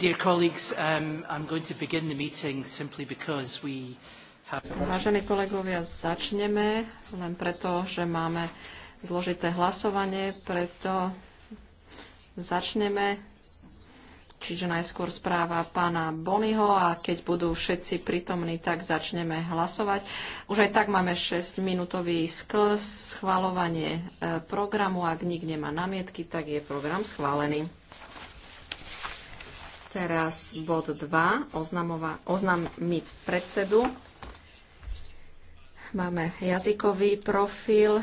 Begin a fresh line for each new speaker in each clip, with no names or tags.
Um, Vážení kolegovia, začneme len preto, že máme zložité hlasovanie, preto začneme. Čiže najskôr správa pána Bonyho a keď budú všetci prítomní, tak začneme hlasovať. Už aj tak máme 6-minútový skl, schvalovanie e, programu. Ak nik nemá namietky, tak je program schválený. Teraz bod 2, oznam mi predsedu. Máme jazykový profil.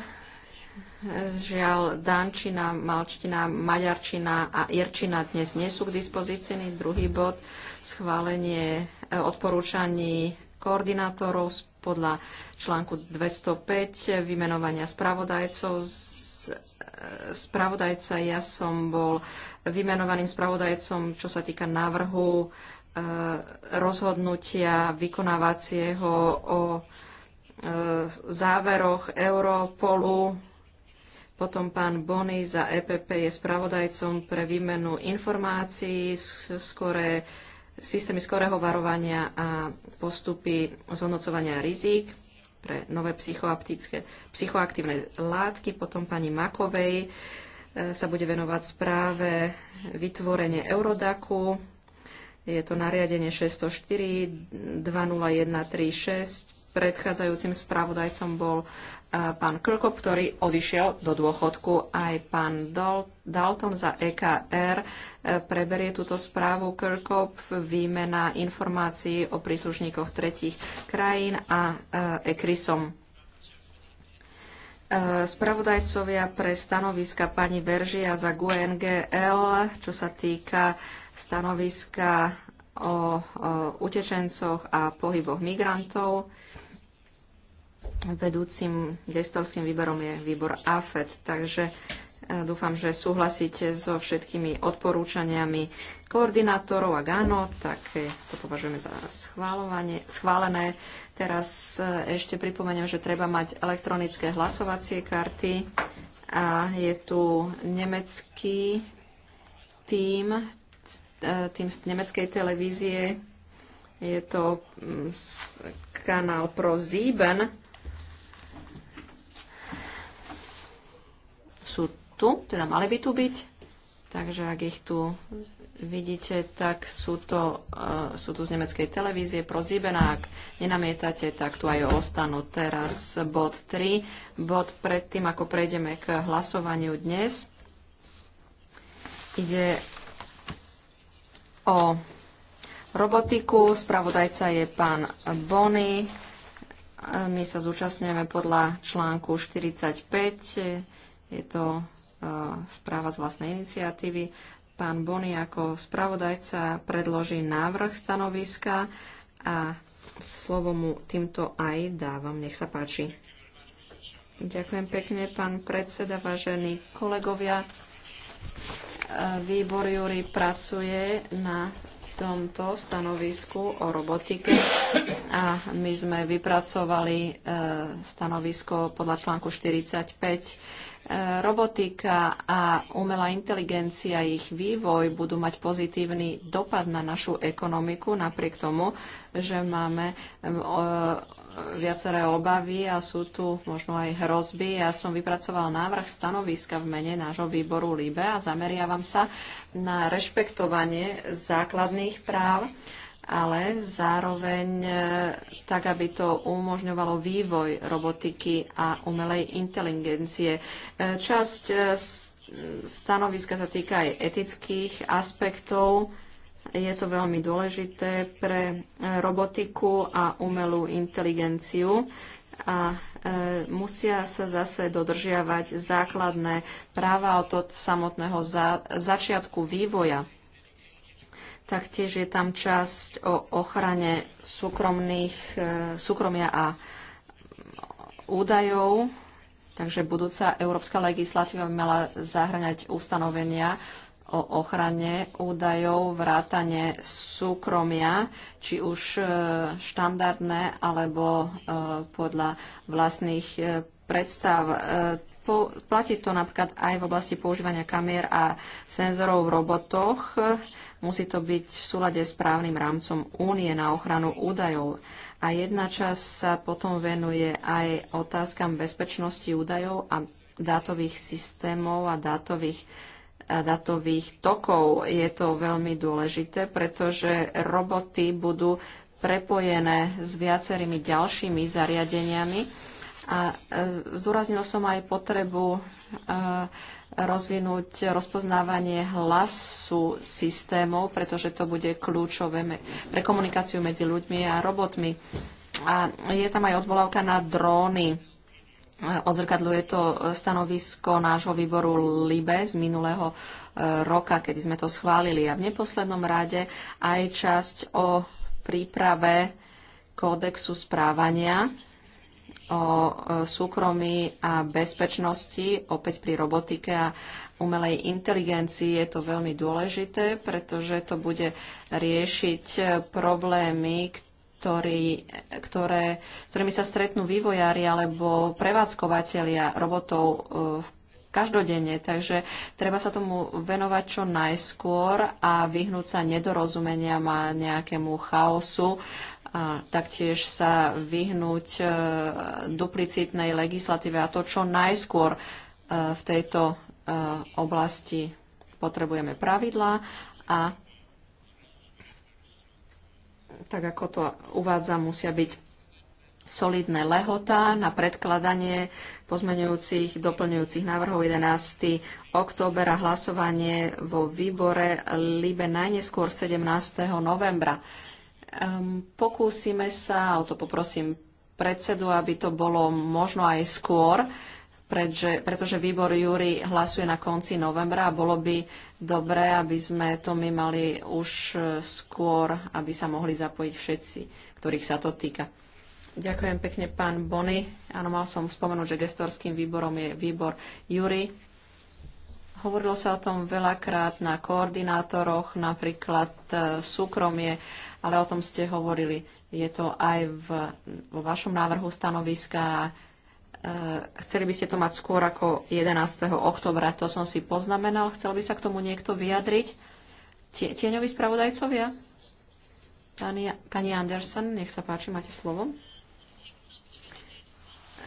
Žiaľ, dančina, malčtina, maďarčina a irčina dnes nie sú k dispozícii. Druhý bod, schválenie e, odporúčaní koordinátorov podľa článku 205 vymenovania spravodajcov z spravodajca. Ja som bol vymenovaným spravodajcom, čo sa týka návrhu e, rozhodnutia vykonávacieho o e, záveroch Europolu. Potom pán Bony za EPP je spravodajcom pre výmenu informácií, skore, systémy skorého varovania a postupy zhodnocovania rizik pre nové psychoaktívne látky. Potom pani Makovej e, sa bude venovať správe vytvorenie Eurodaku. Je to nariadenie 604 20136. Predchádzajúcim správodajcom bol pán Krkop, ktorý odišiel do dôchodku, aj pán Dalton za EKR e, preberie túto správu. Krkop výmena informácií o príslušníkoch tretích krajín a ECRISom. E, spravodajcovia pre stanoviska pani Veržia za GUNGL, čo sa týka stanoviska o, o utečencoch a pohyboch migrantov. Vedúcim gestorským výborom je výbor AFED, takže e, dúfam, že súhlasíte so všetkými odporúčaniami koordinátorov. Ak áno, tak to považujeme za schválené. Teraz e, ešte pripomeniem, že treba mať elektronické hlasovacie karty a je tu nemecký tým, e, tým z nemeckej televízie. Je to mm, kanál pro Sieben sú tu, teda mali by tu byť. Takže ak ich tu vidíte, tak sú, to, uh, sú tu z nemeckej televízie pro Zibena. Ak nenamietate, tak tu aj ostanú. Teraz bod 3, bod predtým, ako prejdeme k hlasovaniu dnes. Ide o robotiku. Spravodajca je pán Bony. My sa zúčastňujeme podľa článku 45 je to e, správa z vlastnej iniciatívy. Pán Bony ako spravodajca predloží návrh stanoviska a slovo mu týmto aj dávam. Nech sa páči. Ďakujem pekne, pán predseda, vážení kolegovia. E, výbor Júri pracuje na tomto stanovisku o robotike a my sme vypracovali e, stanovisko podľa článku 45 robotika a umelá inteligencia, ich vývoj budú mať pozitívny dopad na našu ekonomiku, napriek tomu, že máme e, viaceré obavy a sú tu možno aj hrozby. Ja som vypracoval návrh stanoviska v mene nášho výboru LIBE a zameriavam sa na rešpektovanie základných práv ale zároveň e, tak, aby to umožňovalo vývoj robotiky a umelej inteligencie. E, časť e, stanoviska sa týka aj etických aspektov. Je to veľmi dôležité pre robotiku a umelú inteligenciu a musia sa zase dodržiavať základné práva od samotného začiatku vývoja Taktiež je tam časť o ochrane súkromných, e, súkromia a údajov, takže budúca európska legislatíva by mala zahrňať ustanovenia o ochrane údajov, vrátane súkromia, či už e, štandardné alebo e, podľa vlastných predstav. Platí to napríklad aj v oblasti používania kamier a senzorov v robotoch. Musí to byť v súlade s právnym rámcom únie na ochranu údajov. A jedna časť sa potom venuje aj otázkam bezpečnosti údajov a dátových systémov a dátových datových tokov. Je to veľmi dôležité, pretože roboty budú prepojené s viacerými ďalšími zariadeniami a e, zdôraznil som aj potrebu e, rozvinúť rozpoznávanie hlasu systémov, pretože to bude kľúčové pre komunikáciu medzi ľuďmi a robotmi. A je tam aj odvolávka na dróny. E, Ozrkadľuje to stanovisko nášho výboru LIBE z minulého roka, kedy sme to schválili. A v neposlednom rade aj časť o príprave kódexu správania o e, súkromí a bezpečnosti, opäť pri robotike a umelej inteligencii je to veľmi dôležité, pretože to bude riešiť e, problémy, ktorý, e, ktoré, ktorými sa stretnú vývojári alebo prevádzkovateľia robotov v každodenne, takže treba sa tomu venovať čo najskôr a vyhnúť sa nedorozumeniam a nejakému chaosu a taktiež sa vyhnúť e, duplicitnej legislatíve a to, čo najskôr e, v tejto e, oblasti potrebujeme pravidlá a tak ako to uvádza, musia byť solidné lehota na predkladanie pozmeňujúcich, doplňujúcich návrhov 11. október a hlasovanie vo výbore LIBE najneskôr 17. novembra. Um, pokúsime sa, o to poprosím predsedu, aby to bolo možno aj skôr, pretože, pretože výbor Júri hlasuje na konci novembra a bolo by dobré, aby sme to my mali už e, skôr, aby sa mohli zapojiť všetci, ktorých sa to týka. Ďakujem pekne, pán Bony. Áno, mal som spomenúť, že gestorským výborom je výbor Júri. Hovorilo sa o tom veľakrát na koordinátoroch, napríklad e, súkromie ale o tom ste hovorili. Je to aj v, vo vašom návrhu stanoviska. E, chceli by ste to mať skôr ako 11. oktobra, to som si poznamenal. Chcel by sa k tomu niekto vyjadriť? Tie, tieňoví spravodajcovia? Pani, pani Anderson, nech sa páči, máte slovo.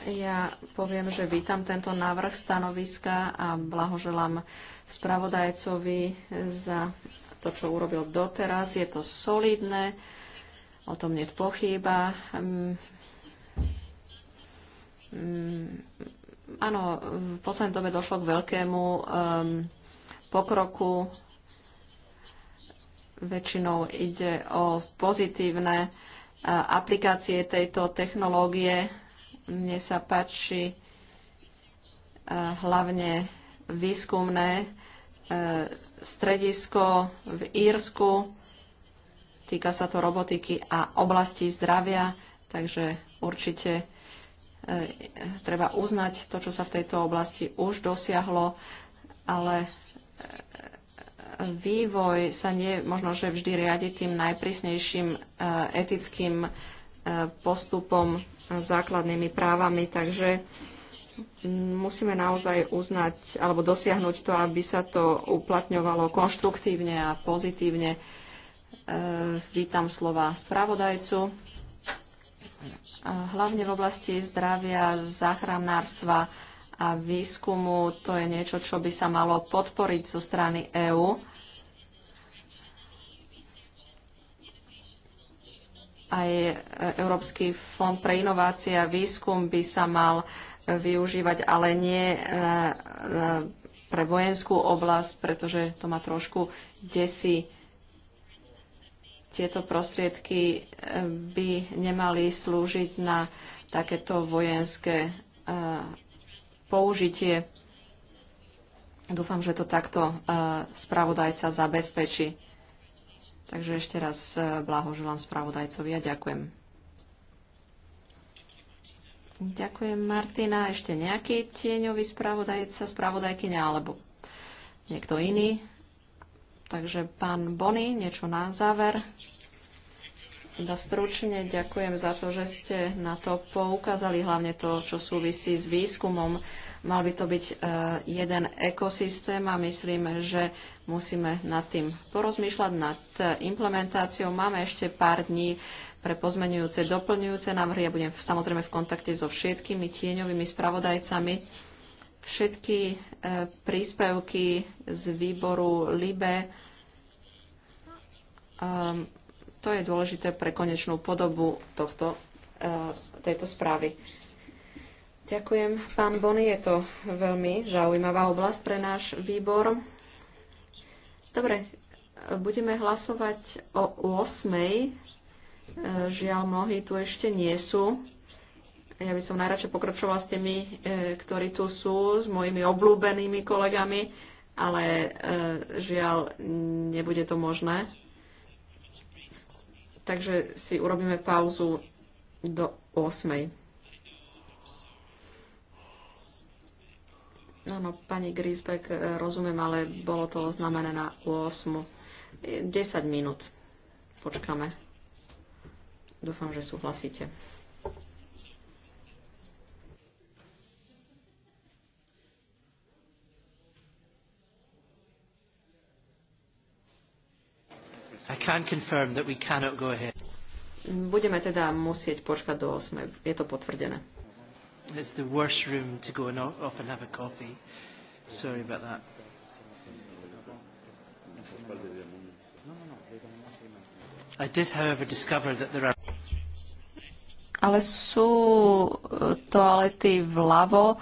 Ja poviem, že vítam tento návrh stanoviska a blahoželám spravodajcovi za to, čo urobil doteraz. Je to solidné, o tom nie pochýba. Um, mm, um, mm, áno, v poslednej dobe došlo k veľkému um, pokroku. Väčšinou ide o pozitívne uh, aplikácie tejto technológie. Mne sa páči uh, hlavne výskumné E, stredisko v Írsku. Týka sa to robotiky a oblasti zdravia, takže určite e, treba uznať to, čo sa v tejto oblasti už dosiahlo, ale e, vývoj sa nie možno, že vždy riadi tým najprísnejším etickým postupom, základnými právami, takže musíme naozaj uznať alebo dosiahnuť to, aby sa to uplatňovalo konštruktívne a pozitívne. E, vítam slova spravodajcu. Hlavne v oblasti zdravia, záchranárstva a výskumu to je niečo, čo by sa malo podporiť zo strany EÚ. Aj Európsky fond pre inovácie a výskum by sa mal uh, využívať, ale nie e, e, pre vojenskú oblasť, pretože to ma trošku desí. Tieto prostriedky e, by nemali slúžiť na takéto vojenské použitie. Dúfam, že to takto spravodajca zabezpečí. Takže ešte raz blahoželám spravodajcovi a ďakujem. Ďakujem, Martina. Ešte nejaký tieňový spravodajca, spravodajkyňa alebo niekto iný? Takže pán Bony, niečo na záver. Teda stručne ďakujem za to, že ste na to poukázali, hlavne to, čo súvisí s výskumom. Mal by to byť e, jeden ekosystém a myslím, že musíme nad tým porozmýšľať, nad e, implementáciou. Máme ešte pár dní pre pozmenujúce, doplňujúce návrhy. Ja budem samozrejme v kontakte so všetkými tieňovými spravodajcami. Všetky e, príspevky z výboru LIBE, ehm, to je dôležité pre konečnú podobu tohto, e, tejto správy. Ďakujem, pán Bony, je to veľmi zaujímavá oblasť pre náš výbor. Dobre, budeme hlasovať o 8. E, žiaľ, mnohí tu ešte nie sú. Ja by som najradšej pokračovala s tými, e, ktorí tu sú, s mojimi oblúbenými kolegami, ale e, žiaľ, nebude to možné. Takže si urobíme pauzu do 8. Áno, pani Grisbeck, rozumiem, ale bolo to oznamené na 8. 10 minút. Počkáme. Dúfam, že súhlasíte. Budeme teda musieť počkať do 8. Je to potvrdené. It's the worst room to go and off and have a coffee. Sorry about that.
I did, however, discover that there are
ale sú eh, toalety vľavo.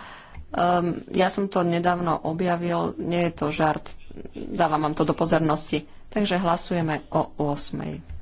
Um, ja som to nedávno objavil, nie je to žart. Dávam vám to do pozornosti. Takže hlasujeme o 8.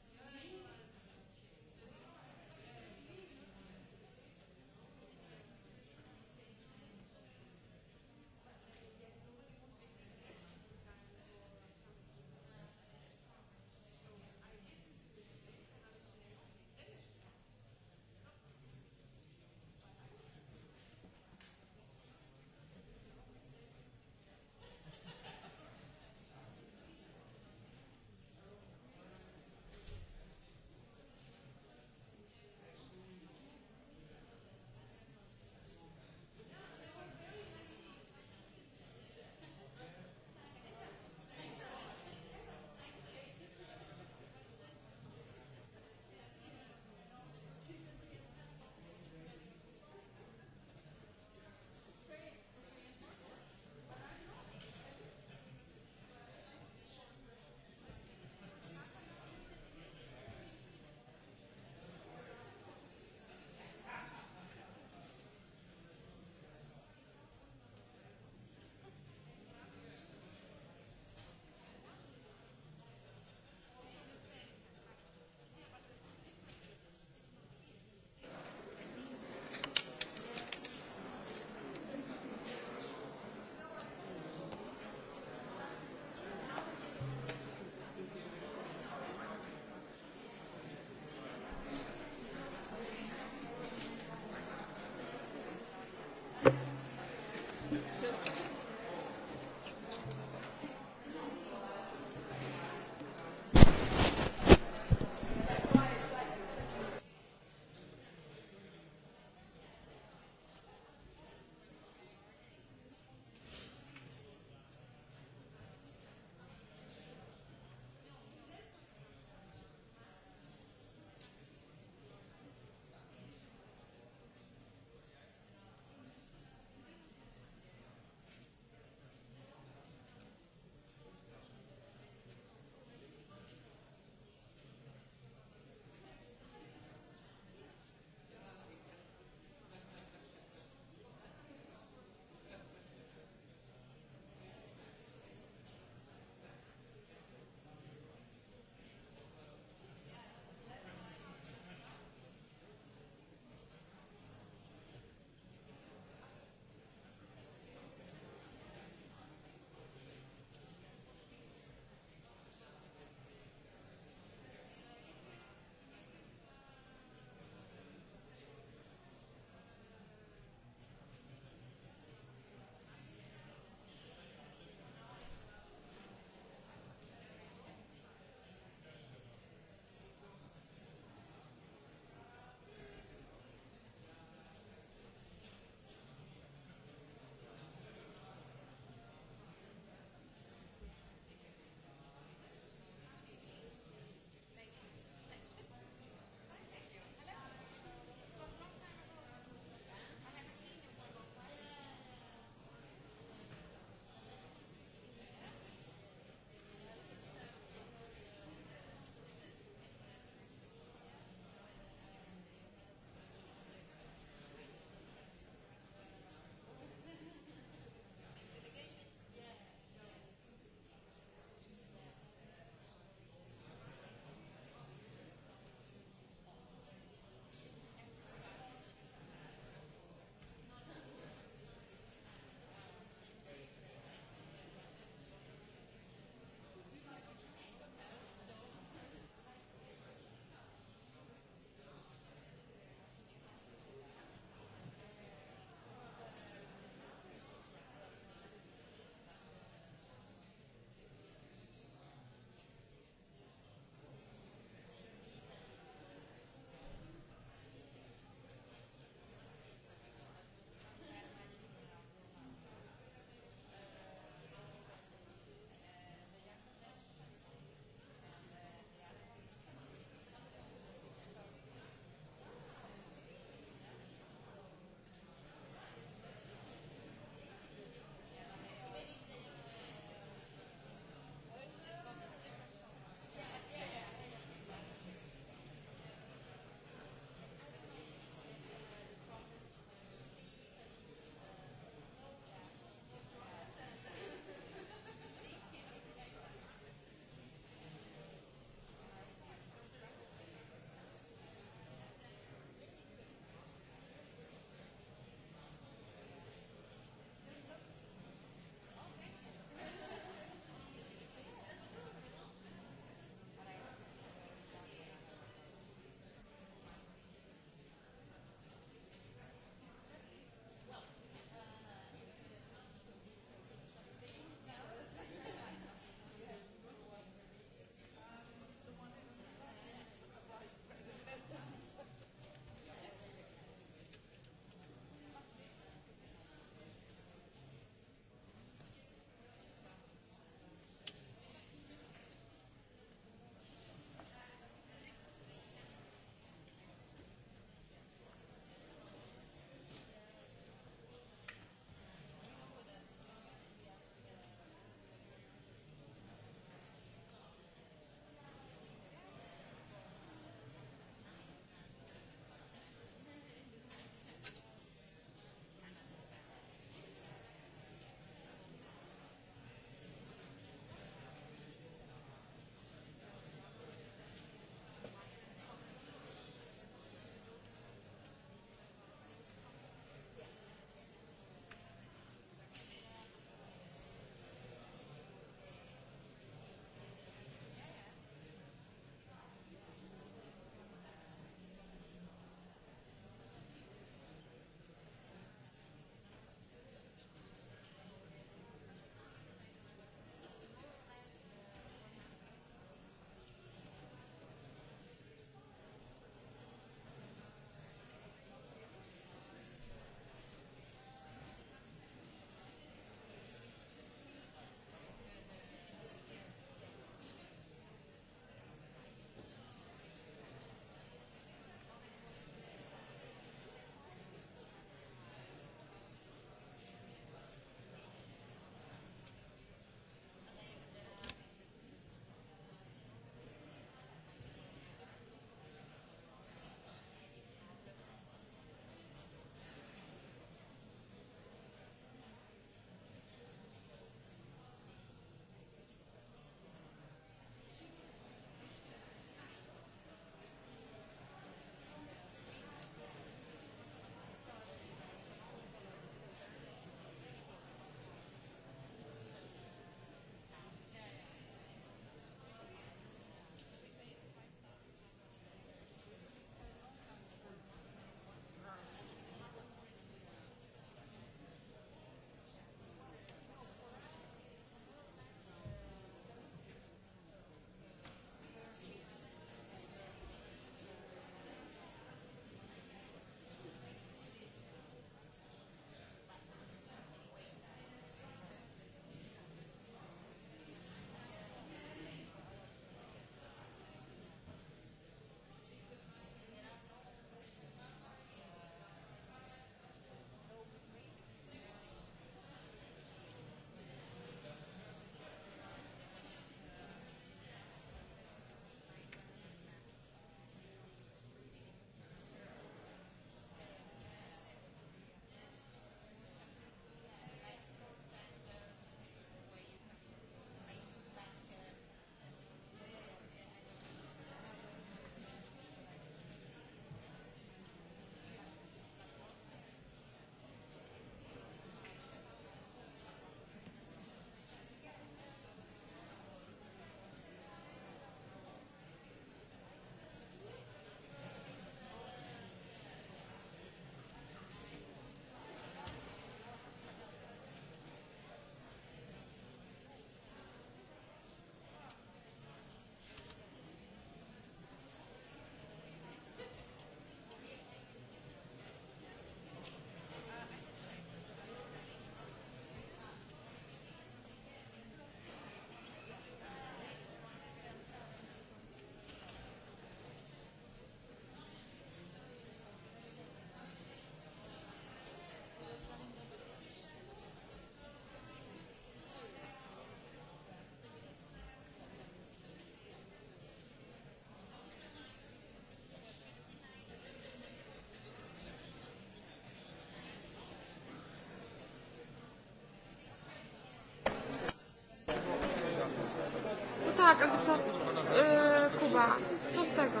tak, ale to yy, e, Kuba, co z tego?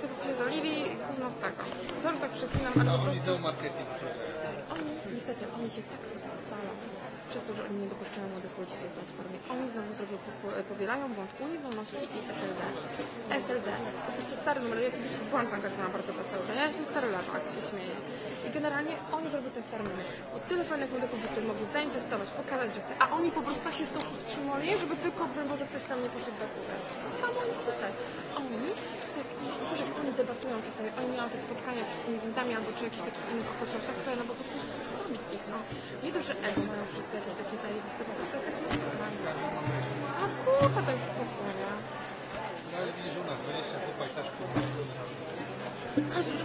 Sobie pierdolili gówno z tego. Zaraz tak przeklinam, ale po prostu...
Oni Oni,
niestety, oni się tak rozstrzelą przez to, że oni nie dopuszczają młodych ludzi tej platformie. Oni znowu zrobią, powielają błąd Unii Wolności i SLD. SLD, po prostu stary numer, ja kiedyś błąd zaangażowałam bardzo w ja jestem stary lewak, się śmieję. I generalnie oni zrobią ten stary numer tyle fajnych młodych ludzi, którzy mogli zainwestować, pokazać, że chce. A oni po prostu tak się z tą powstrzymali, żeby tylko, może ktoś tam nie poszedł do góry. To samo jest tutaj. Oni, tak, że oni debatują tutaj, oni mają te spotkania przed tymi windami albo przy jakichś takich innych okolicznościach, swoje, no bo po prostu zabić ich, no. Nie to, że ego mają wszyscy jakieś takie bo to jest jakaś maszyna. A kurwa, to jest spokojnie. No ale
widzisz u nas, 20 chłopak też kurwa.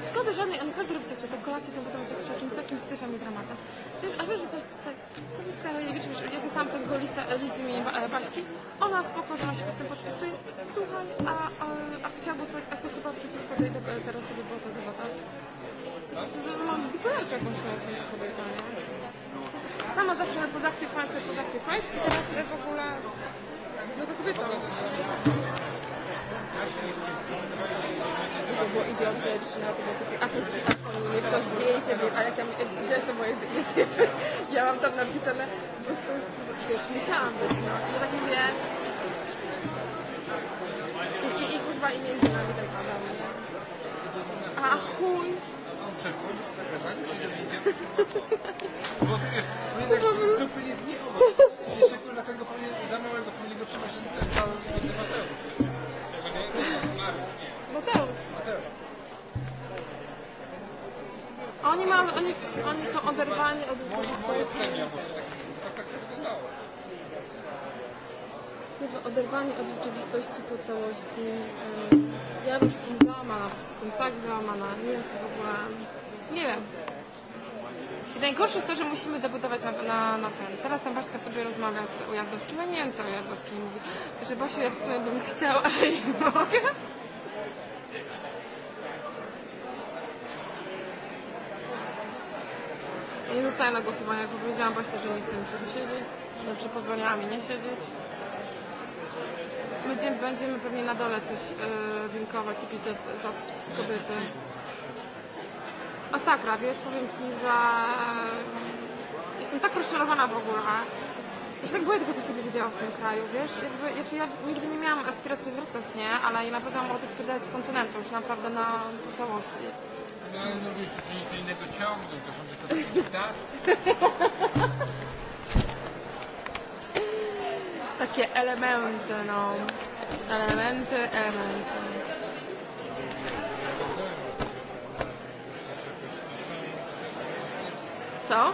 Szkoda żadnej, on każdy robi coś takiego, kolację, co potem z jakimś takim syfem i dramatem. Wiesz, a wiesz, że to jest tak, to jest tak, wiesz, wiesz, ja pisałam tego listę list imienia Baśki, ona spoko, że ona się pod tym podpisuje, słuchaj, a, a, a chciała głosować, a chyba przeciwko tej, teraz sobie była ta debata. Mam bipolarkę jakąś tą kobietą, nie? Sama zawsze na productive fight, productive fajt i teraz w ogóle, no to kobieta to było idiotyczne, to było takie, a to a to jest to zdjęcie, wiesz, ale tam, gdzie jest to moje zdjęcie? Ja mam tam napisane, po prostu, wiesz, musiałam być, no. I ja tak mówię, i, i, i kurwa, i między nami ten Adam, nie? No. A chuj! No, Przechodzi, tak, tak, tak,
Oni, ma, oni, oni są oderwani od rzeczywistości.
oderwani od rzeczywistości po całości. E, ja bym jestem załamana, jestem tak załamana. Nie wiem, co w ogóle... Nie wiem. I najgorsze jest to, że musimy debutować na, na, na ten. Teraz tam Baśka sobie rozmawia z Ujazdowskim, a nie wiem, co Ujazdowski mówi. Że Basiu, ja w sumie bym chciała, ale nie mogę. Nie zostaję na głosowanie, jak powiedziałam bo że nie chcę tu siedzieć, że pozwoliłam mi nie siedzieć. Będziemy, będziemy pewnie na dole coś yy, e, winkować i pić za kobiety. Masakra, wiesz, powiem Ci, że e, jestem tak rozczarowana w ogóle. Ja się tak boję tego, co się będzie działo w tym kraju, wiesz? Jakby, ja, ja nigdy nie miałam aspiracji zwracać, nie? Ale ja naprawdę mam ochotę spierdalać z kontynentu już naprawdę na całości takie Takie elementy, no. Elementy, elementy. Co?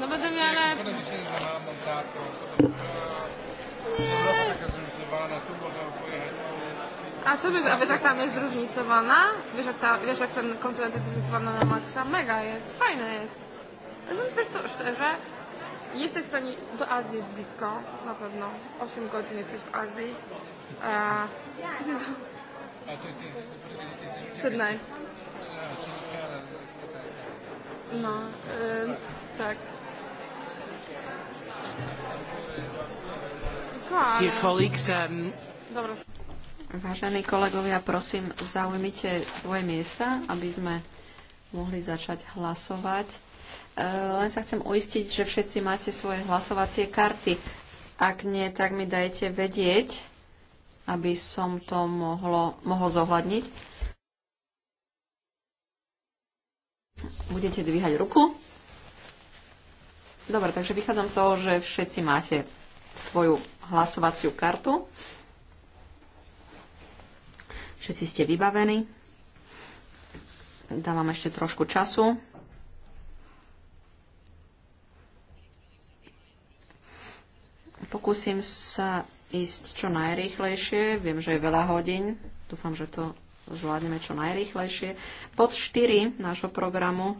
No będę miała lepiej. Nie. Nie.
A co wiesz, a wiesz jak tam
jest zróżnicowana? Wiesz jak, ta, wiesz jak ten koncert jest zróżnicowany na maksa? Mega jest, fajne jest. Wiesz co, szczerze, jesteś w stanie, do Azji jest blisko, na pewno. 8 godzin jesteś w Azji. A ty, ty, ty, No, y, tak. Dear colleagues,
um,
Dobra. Vážení kolegovia, prosím, zaujmite svoje miesta, aby sme mohli začať hlasovať. E, len sa chcem uistiť, že všetci máte svoje hlasovacie karty. Ak nie, tak mi dajte vedieť, aby som to mohlo, mohol zohľadniť. Budete dvíhať ruku? Dobre, takže vychádzam z toho, že všetci máte svoju hlasovaciu kartu. Všetci ste vybavení. Dávam ešte trošku času. Pokúsim sa ísť čo najrýchlejšie. Viem, že je veľa hodín. Dúfam, že to zvládneme čo najrýchlejšie. Pod 4 nášho programu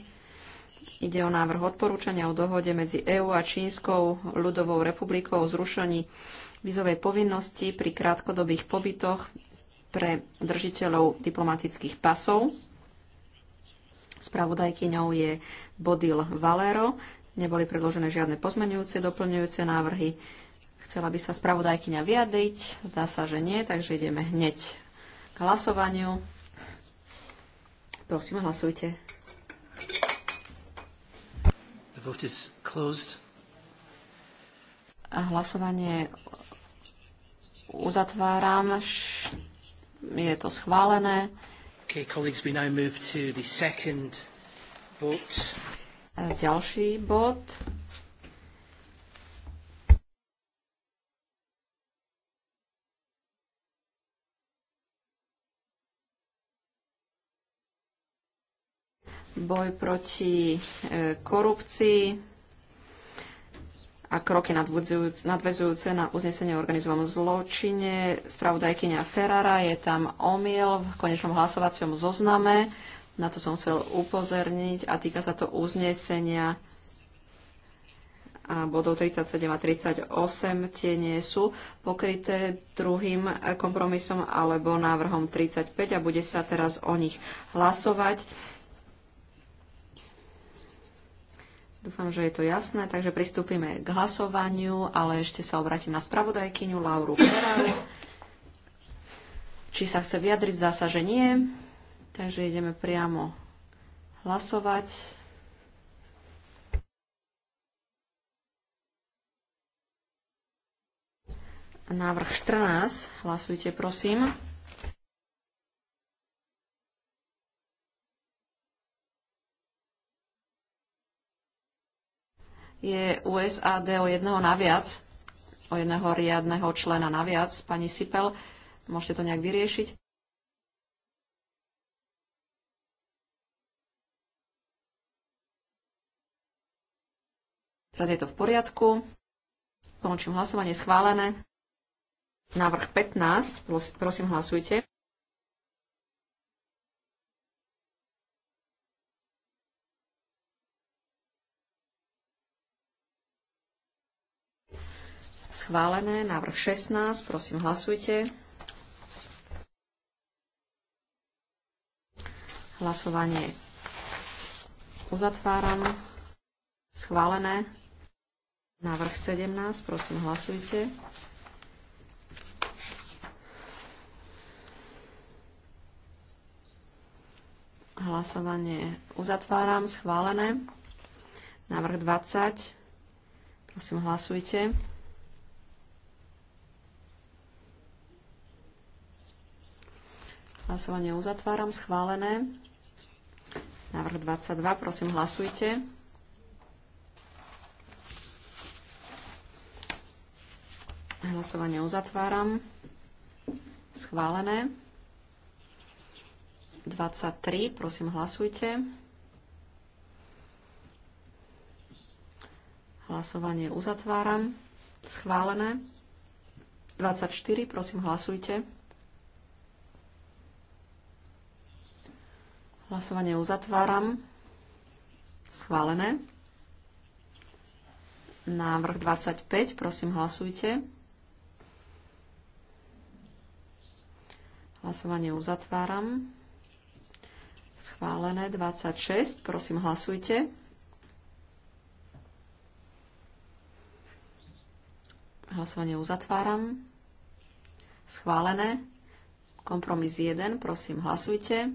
ide o návrh odporúčania o dohode medzi EÚ a Čínskou ľudovou republikou o zrušení vizovej povinnosti pri krátkodobých pobytoch pre držiteľov diplomatických pasov. Spravodajkyňou je Bodil Valero. Neboli predložené žiadne pozmenujúce, doplňujúce návrhy. Chcela by sa spravodajkyňa vyjadriť. Zdá sa, že nie, takže ideme hneď k hlasovaniu. Prosím, hlasujte. The vote is closed. A hlasovanie uzatváram je to schválené. Okay, colleagues, we now move to the
second vote.
Ďalší bod. Boj proti e, korupcii a kroky nadvezujúce na uznesenie o organizovanom zločine. Spravodajkynia Ferrara je tam omiel v konečnom hlasovacom zozname. Na to som chcel upozorniť a týka sa to uznesenia a bodov 37 a 38 tie nie sú pokryté druhým kompromisom alebo návrhom 35 a bude sa teraz o nich hlasovať. Dúfam, že je to jasné, takže pristúpime k hlasovaniu, ale ešte sa obratím na spravodajkyňu Lauru Ferraru. Či sa chce vyjadriť, zdá sa, že nie. Takže ideme priamo hlasovať. Návrh 14. Hlasujte, prosím. je USAD o jedného naviac, o jedného riadného člena naviac, pani Sipel. Môžete to nejak vyriešiť? Teraz je to v poriadku. Končím hlasovanie schválené. Návrh 15. Prosím, hlasujte. Schválené. Návrh 16. Prosím, hlasujte. Hlasovanie uzatváram. Schválené. Návrh 17. Prosím, hlasujte. Hlasovanie uzatváram. Schválené. Návrh 20. Prosím, hlasujte. Hlasovanie uzatváram. Schválené. Návrh 22. Prosím, hlasujte. Hlasovanie uzatváram. Schválené. 23. Prosím, hlasujte. Hlasovanie uzatváram. Schválené. 24. Prosím, hlasujte. Hlasovanie uzatváram. Schválené. Návrh 25, prosím hlasujte. Hlasovanie uzatváram. Schválené 26, prosím hlasujte. Hlasovanie uzatváram. Schválené. Kompromis 1, prosím hlasujte.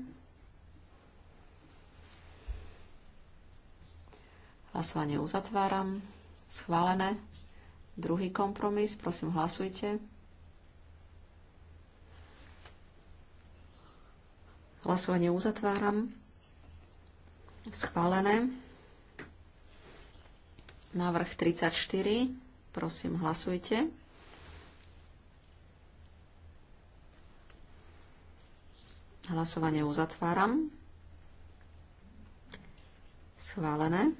Hlasovanie uzatváram. Schválené. Druhý kompromis. Prosím, hlasujte. Hlasovanie uzatváram. Schválené. Návrh 34. Prosím, hlasujte. Hlasovanie uzatváram. Schválené.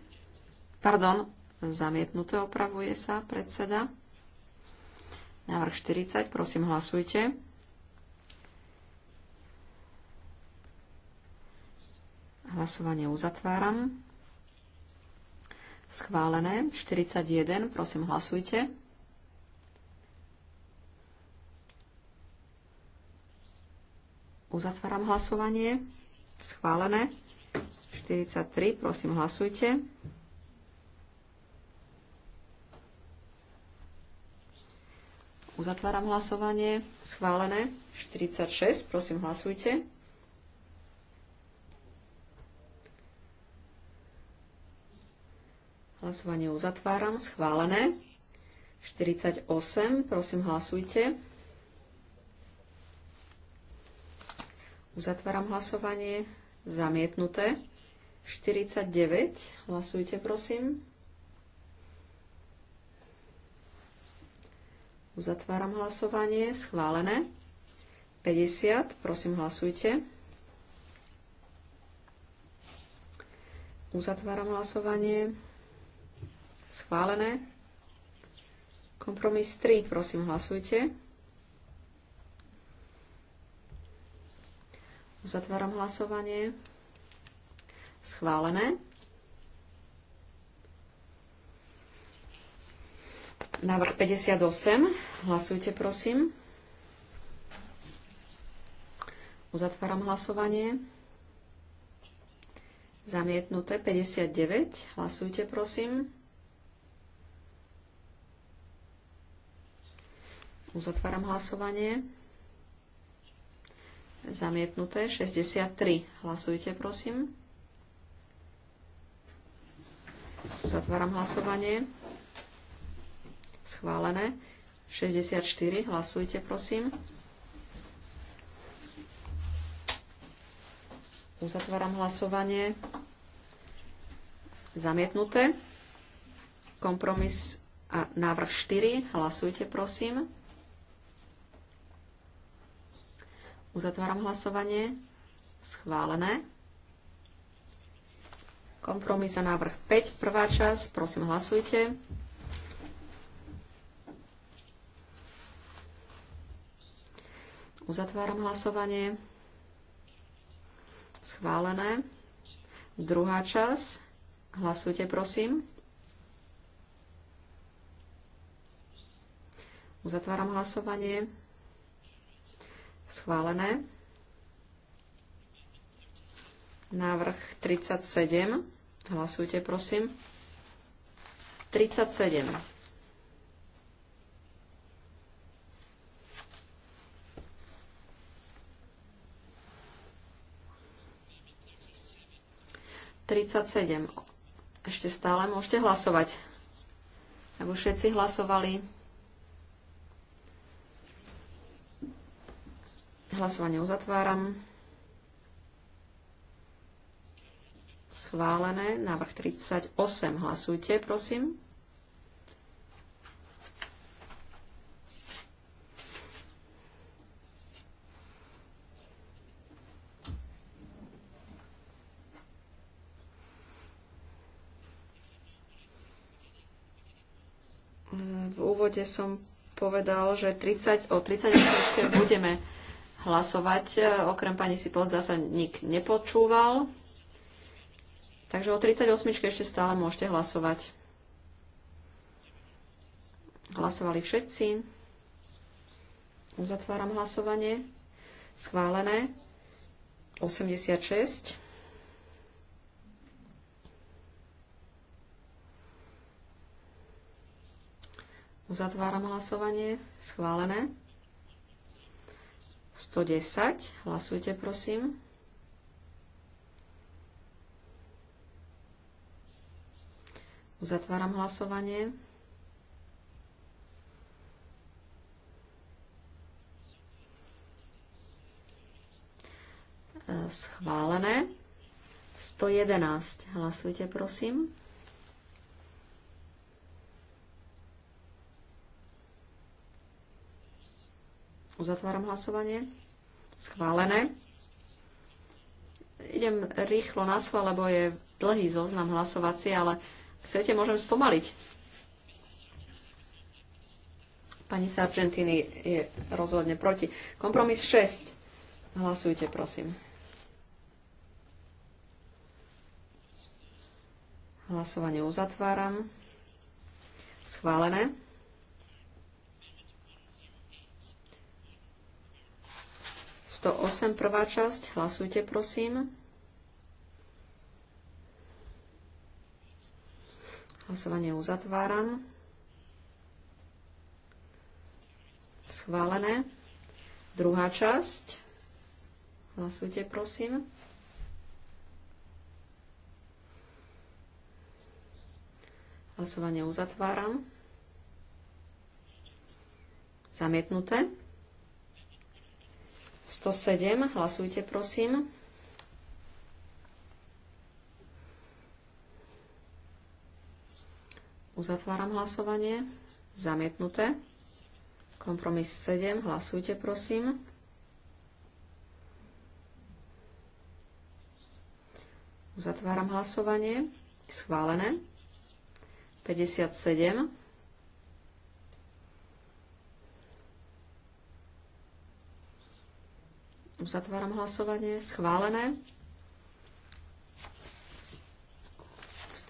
Pardon, zamietnuté opravuje sa predseda. Návrh 40, prosím hlasujte. Hlasovanie uzatváram. Schválené. 41, prosím hlasujte. Uzatváram hlasovanie. Schválené. 43, prosím hlasujte. Uzatváram hlasovanie. Schválené. 46. Prosím, hlasujte. Hlasovanie uzatváram. Schválené. 48. Prosím, hlasujte. Uzatváram hlasovanie. Zamietnuté. 49. Hlasujte, prosím. Uzatváram hlasovanie. Schválené. 50. Prosím, hlasujte. Uzatváram hlasovanie. Schválené. Kompromis 3. Prosím, hlasujte. Uzatváram hlasovanie. Schválené. Návrh 58. Hlasujte, prosím. Uzatváram hlasovanie. Zamietnuté 59. Hlasujte, prosím. Uzatváram hlasovanie. Zamietnuté 63. Hlasujte, prosím. Uzatváram hlasovanie schválené. 64, hlasujte prosím. Uzatváram hlasovanie. Zamietnuté. Kompromis a návrh 4. Hlasujte, prosím. Uzatváram hlasovanie. Schválené. Kompromis a návrh 5. Prvá časť. Prosím, hlasujte. Hlasujte. Uzatváram hlasovanie. Schválené. Druhá časť. Hlasujte, prosím. Uzatváram hlasovanie. Schválené. Návrh 37. Hlasujte, prosím. 37. 37. Ešte stále môžete hlasovať. Ak už všetci hlasovali, hlasovanie uzatváram. Schválené. Návrh 38. Hlasujte, prosím. úvode som povedal, že 30, o 38 budeme hlasovať. E, okrem pani si pozda sa nik nepočúval. Takže o 38 ešte stále môžete hlasovať. Hlasovali všetci. Uzatváram hlasovanie. Schválené. 86. Uzatváram hlasovanie. Schválené. 110. Hlasujte, prosím. Uzatváram hlasovanie. Schválené. 111. Hlasujte, prosím. Uzatváram hlasovanie. Schválené. Idem rýchlo na schvál, lebo je dlhý zoznam hlasovací, ale chcete, môžem spomaliť. Pani Sargentini je rozhodne proti. Kompromis 6. Hlasujte, prosím. Hlasovanie uzatváram. Schválené. 108, prvá časť. Hlasujte, prosím. Hlasovanie uzatváram. Schválené. Druhá časť. Hlasujte, prosím. Hlasovanie uzatváram. Zamietnuté. 107. Hlasujte, prosím. Uzatváram hlasovanie. Zamietnuté. Kompromis 7. Hlasujte, prosím. Uzatváram hlasovanie. Schválené. 57. Uzatváram hlasovanie. Schválené.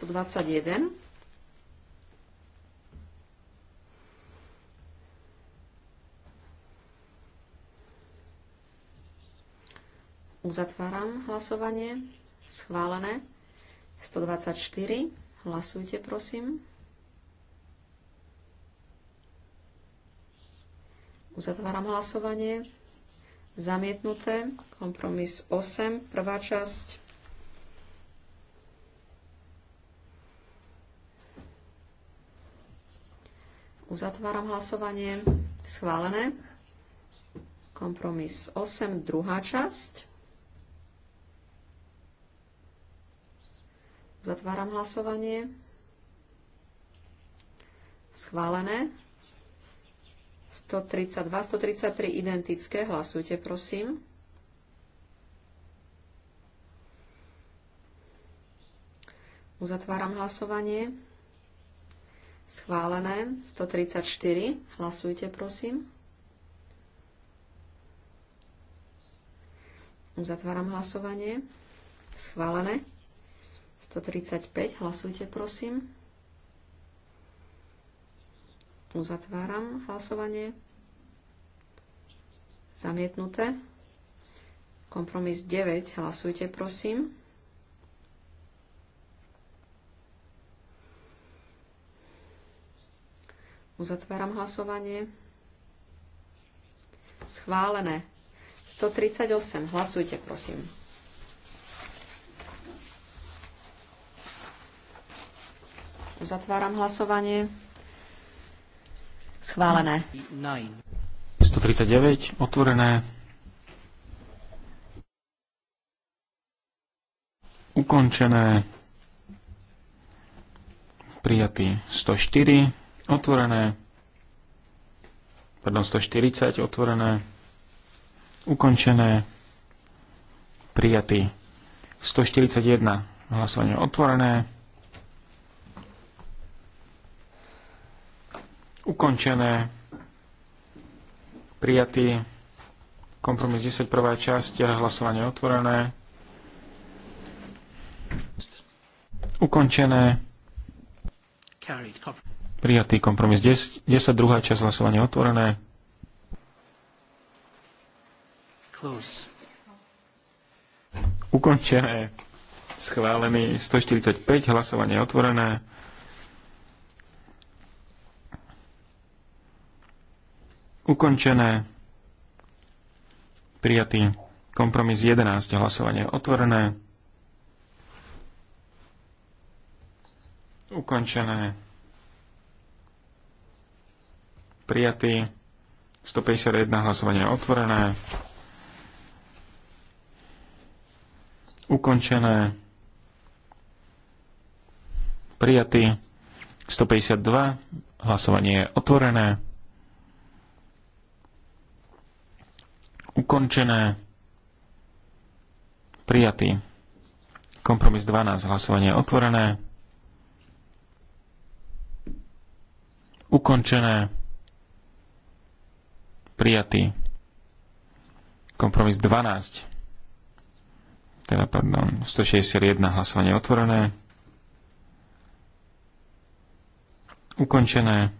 121. Uzatváram hlasovanie. Schválené. 124. Hlasujte, prosím. Uzatváram hlasovanie zamietnuté. Kompromis 8, prvá časť. Uzatváram hlasovanie. Schválené. Kompromis 8, druhá časť. Uzatváram hlasovanie. Schválené. 132, 133 identické. Hlasujte, prosím. Uzatváram hlasovanie. Schválené. 134. Hlasujte, prosím. Uzatváram hlasovanie. Schválené. 135. Hlasujte, prosím. Uzatváram hlasovanie. Zamietnuté. Kompromis 9. Hlasujte, prosím. Uzatváram hlasovanie. Schválené. 138. Hlasujte, prosím. Uzatváram hlasovanie.
Schválené.
139. Otvorené. Ukončené. Prijatý 104. Otvorené. Pardon, 140. Otvorené. Ukončené. Prijatý 141. Hlasovanie otvorené. ukončené, prijatý, kompromis 10, prvá časť, hlasovanie otvorené, ukončené, prijatý kompromis 10, 10 druhá časť, hlasovanie otvorené, ukončené, schválený 145, hlasovanie otvorené, ukončené. Prijatý kompromis 11. Hlasovanie je otvorené. Ukončené. Prijatý 151. Hlasovanie je otvorené. Ukončené. Prijatý 152. Hlasovanie je otvorené. ukončené, prijatý. Kompromis 12, hlasovanie otvorené, ukončené, prijatý. Kompromis 12, teda pardon, 161 hlasovanie otvorené, ukončené,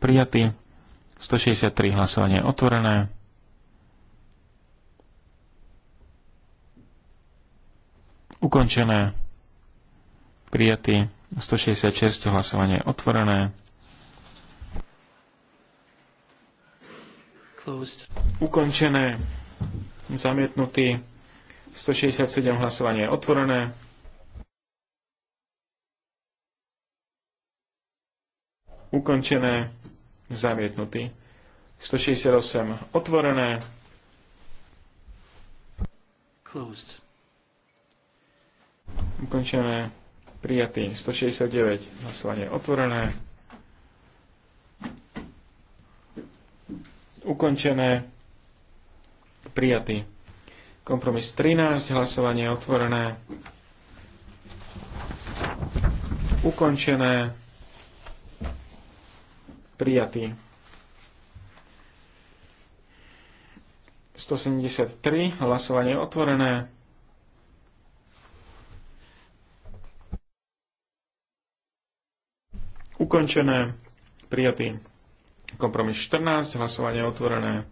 prijatý 163 hlasovanie je otvorené. Ukončené. Prijatý. 166 hlasovanie je otvorené. Closed. Ukončené. Zamietnutý. 167 hlasovanie je otvorené. Ukončené zamietnutý. 168 otvorené. Closed. Ukončené. Prijatý. 169 hlasovanie otvorené. Ukončené. Prijatý. Kompromis 13, hlasovanie otvorené. Ukončené prijatý. 173, hlasovanie otvorené. Ukončené, prijatý. Kompromis 14, hlasovanie otvorené.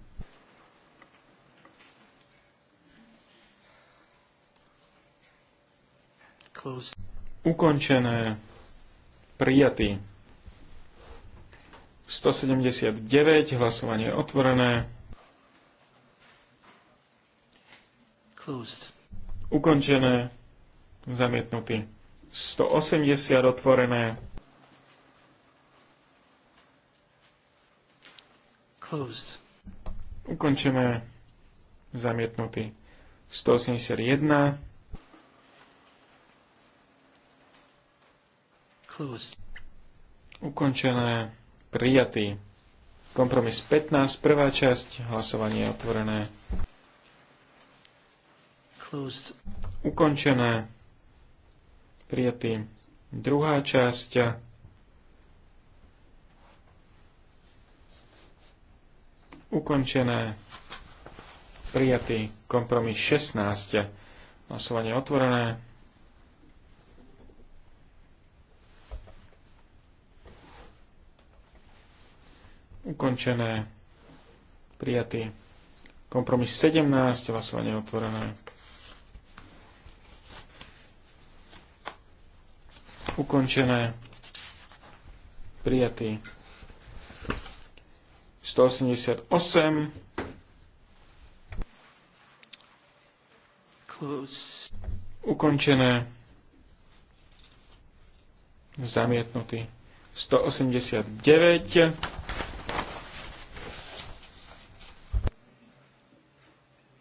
Ukončené, prijatý. 179, hlasovanie je otvorené. Closed. Ukončené, zamietnutý. 180 otvorené. Closed. Ukončené, zamietnutý. 181. Closed. Ukončené prijatý. Kompromis 15, prvá časť, hlasovanie je otvorené. Closed. Ukončené. Prijatý. Druhá časť. Ukončené. Prijatý. Kompromis 16. Hlasovanie otvorené. ukončené, prijatý. Kompromis 17, hlasovanie otvorené. Ukončené, prijatý. 188. Ukončené. Zamietnutý. 189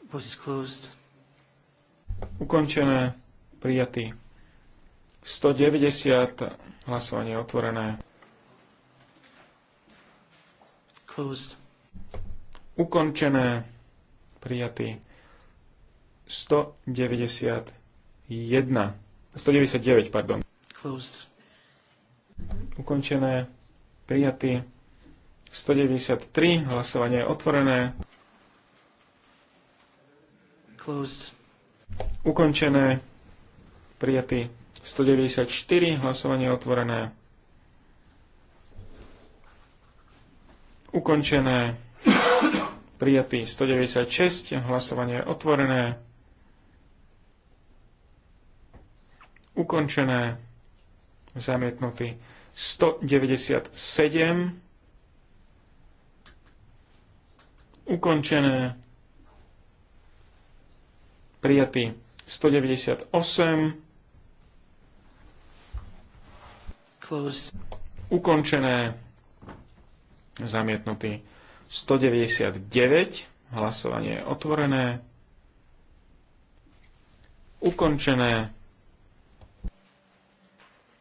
Ukončené. Prijatý. 190. Hlasovanie je otvorené. Closed. Ukončené. Prijatý. 191. 199, pardon. Closed. Ukončené. Prijatý. 193. Hlasovanie je otvorené. Closed. Ukončené. Prijatý. 194. Hlasovanie otvorené. Ukončené. Prijatý 196. Hlasovanie otvorené. Ukončené. Zamietnutý 197. Ukončené prijatý 198. Close. Ukončené. Zamietnutý 199. Hlasovanie je otvorené. Ukončené.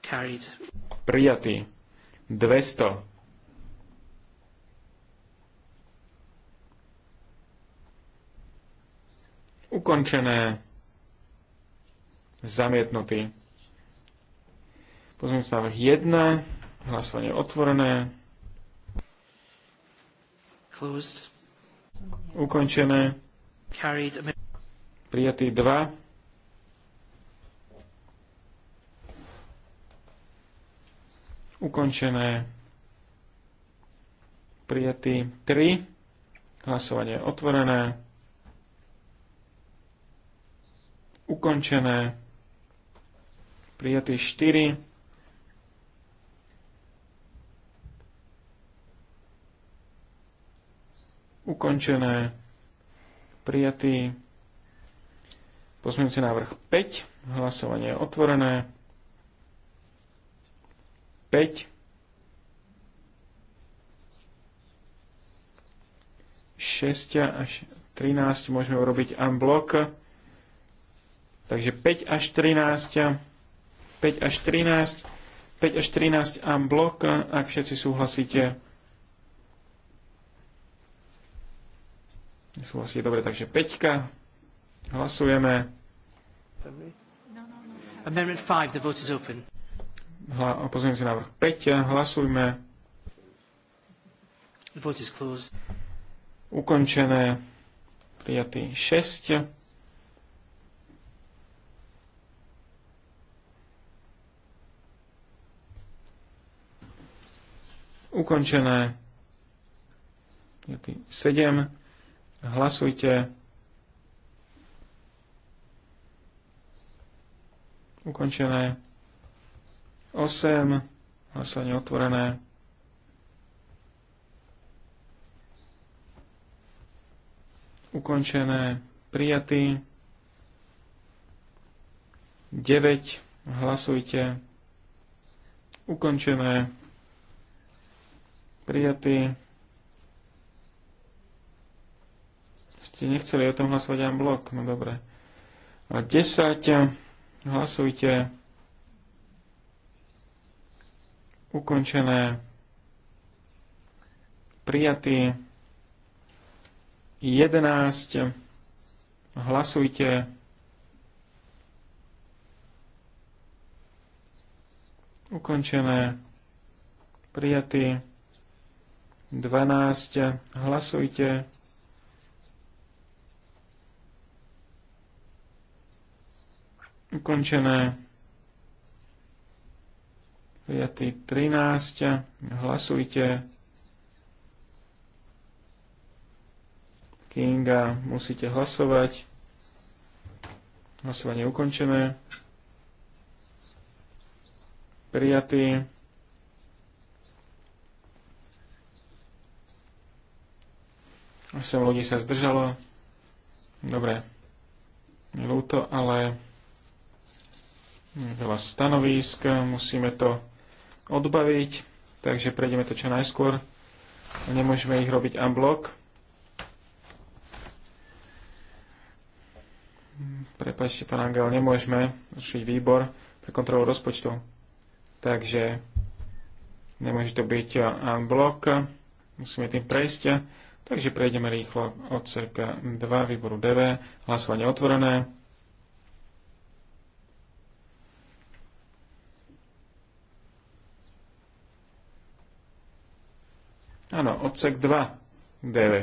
Carried. Prijatý 200 ukončené, zamietnutý. sa v 1, hlasovanie otvorené, Closed. ukončené, prijatý 2, ukončené prijatý 3, hlasovanie otvorené, ukončené, prijatý 4, ukončené, prijatý pozmeňujúci návrh 5, hlasovanie je otvorené, 5, 6 až 13 môžeme urobiť unblock. Takže 5 až 13, 5 až 13, 5 až 13 am blok, ak všetci súhlasíte. Súhlasíte, dobre, takže 5. Hlasujeme.
Amendment 5, the vote is open.
Hla, si návrh 5, hlasujme.
The vote is closed.
Ukončené. Prijatý 6. ukončené. Je 7. Hlasujte. Ukončené. 8. Hlasovanie otvorené. Ukončené. Prijatý. 9. Hlasujte. Ukončené prijatý. Ste nechceli o tom hlasovať aj blok, no dobre. 10, hlasujte. Ukončené. Prijatý. 11, hlasujte. Ukončené. Prijatý. 12. Hlasujte. Ukončené. Prijatý 13. Hlasujte. Kinga, musíte hlasovať. Hlasovanie ukončené. Prijatý 8 ľudí sa zdržalo. Dobre, ľúto, ale veľa stanovísk, musíme to odbaviť, takže prejdeme to čo najskôr. Nemôžeme ich robiť unblock. Prepačte, pán Angel, nemôžeme zrušiť výbor pre kontrolu rozpočtu. Takže nemôže to byť unblock. Musíme tým prejsť. Takže prejdeme rýchlo odsek 2 výboru DV, hlasovanie otvorené. Áno, odsek 2 DV.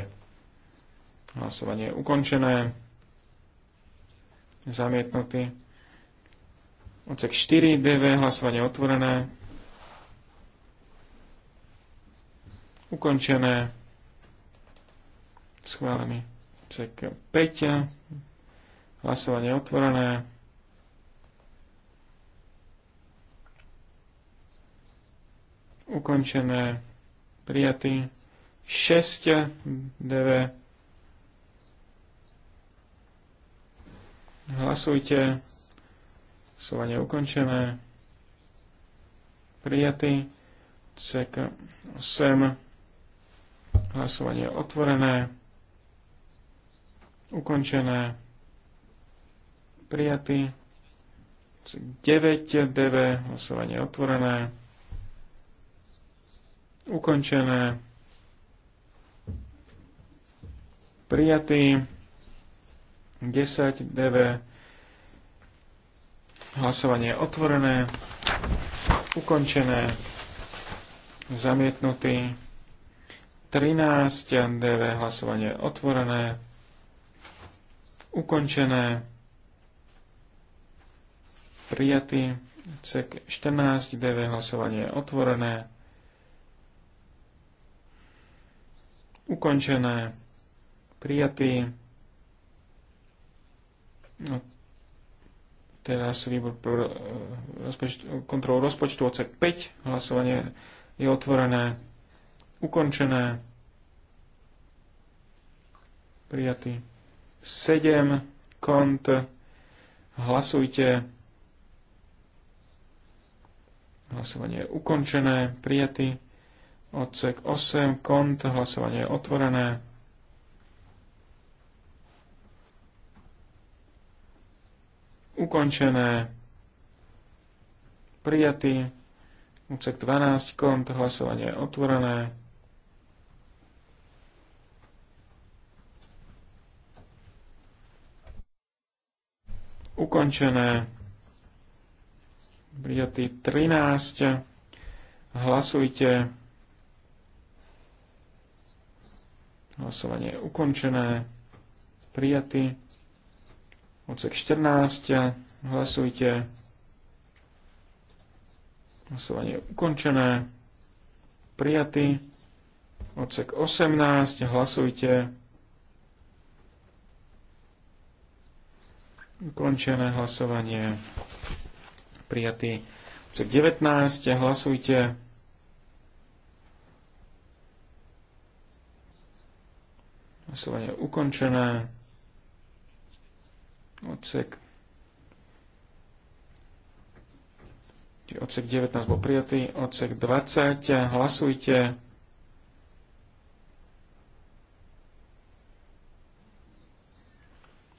Hlasovanie je ukončené. Zamietnutý. Odsek 4 DV, hlasovanie otvorené. Ukončené schválený. Cek 5. Hlasovanie otvorené. Ukončené. Prijatý. 6. DV. Hlasujte. Hlasovanie ukončené. Prijatý. Cek 8. Hlasovanie otvorené ukončené, prijatý, 9 DV, hlasovanie otvorené, ukončené, prijatý, 10 DV, hlasovanie otvorené, ukončené, zamietnutý, 13 DV, hlasovanie otvorené, ukončené, prijatý, cek 14, DV hlasovanie je otvorené, ukončené, prijatý, no, teraz výbor pro eh, rozpočt, kontrolu rozpočtu odsek 5, hlasovanie je otvorené, ukončené, prijatý. 7, kont, hlasujte. Hlasovanie je ukončené, prijatý. Odsek 8, kont, hlasovanie je otvorené. Ukončené, prijatý. Odsek 12, kont, hlasovanie je otvorené. ukončené. Prijatý 13. Hlasujte. Hlasovanie je ukončené. Prijatý. Odsek 14. Hlasujte. Hlasovanie je ukončené. Prijatý. Odsek 18. Hlasujte. Ukončené hlasovanie. Prijatý odsek 19. Hlasujte. Hlasovanie ukončené. Odsek Odsek 19 bol prijatý, odsek 20. Hlasujte.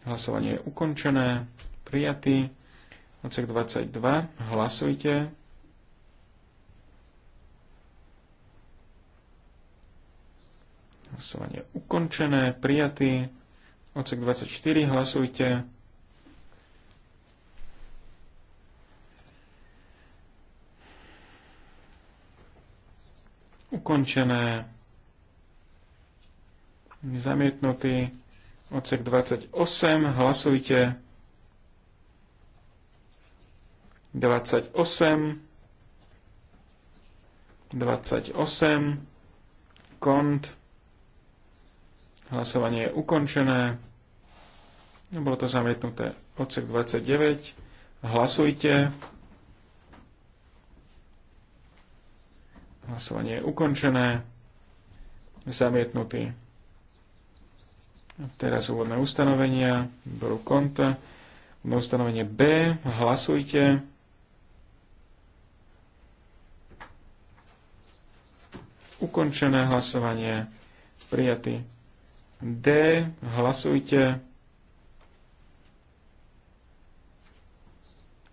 Hlasovanie je ukončené. Prijatý. Odsek 22. Hlasujte. Hlasovanie je ukončené. Prijatý. Odsek 24. Hlasujte. ukončené, zamietnutý odsek 28, hlasujte 28, 28, kont, hlasovanie je ukončené, bolo to zamietnuté, odsek 29, hlasujte, hlasovanie je ukončené, zamietnutý. Teraz úvodné ustanovenia, výboru konta, úvodné ustanovenie B, hlasujte. Ukončené hlasovanie, prijatý. D, hlasujte.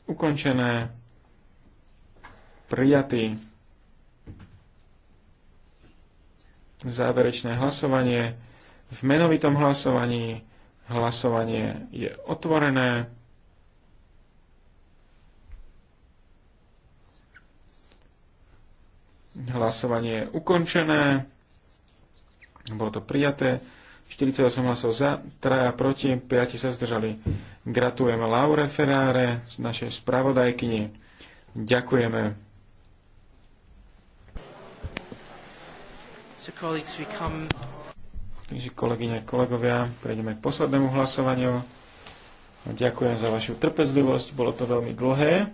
Ukončené, prijatý. Záverečné hlasovanie v menovitom hlasovaní. Hlasovanie je otvorené. Hlasovanie je ukončené. Bolo to prijaté. 48 hlasov za, 3 proti, 5 sa zdržali. Gratulujeme Laure Ferrare, našej spravodajkyni. Ďakujeme.
So colleagues, we come
Takže kolegyne, kolegovia, prejdeme k poslednému hlasovaniu. Ďakujem za vašu trpezlivosť, bolo to veľmi dlhé.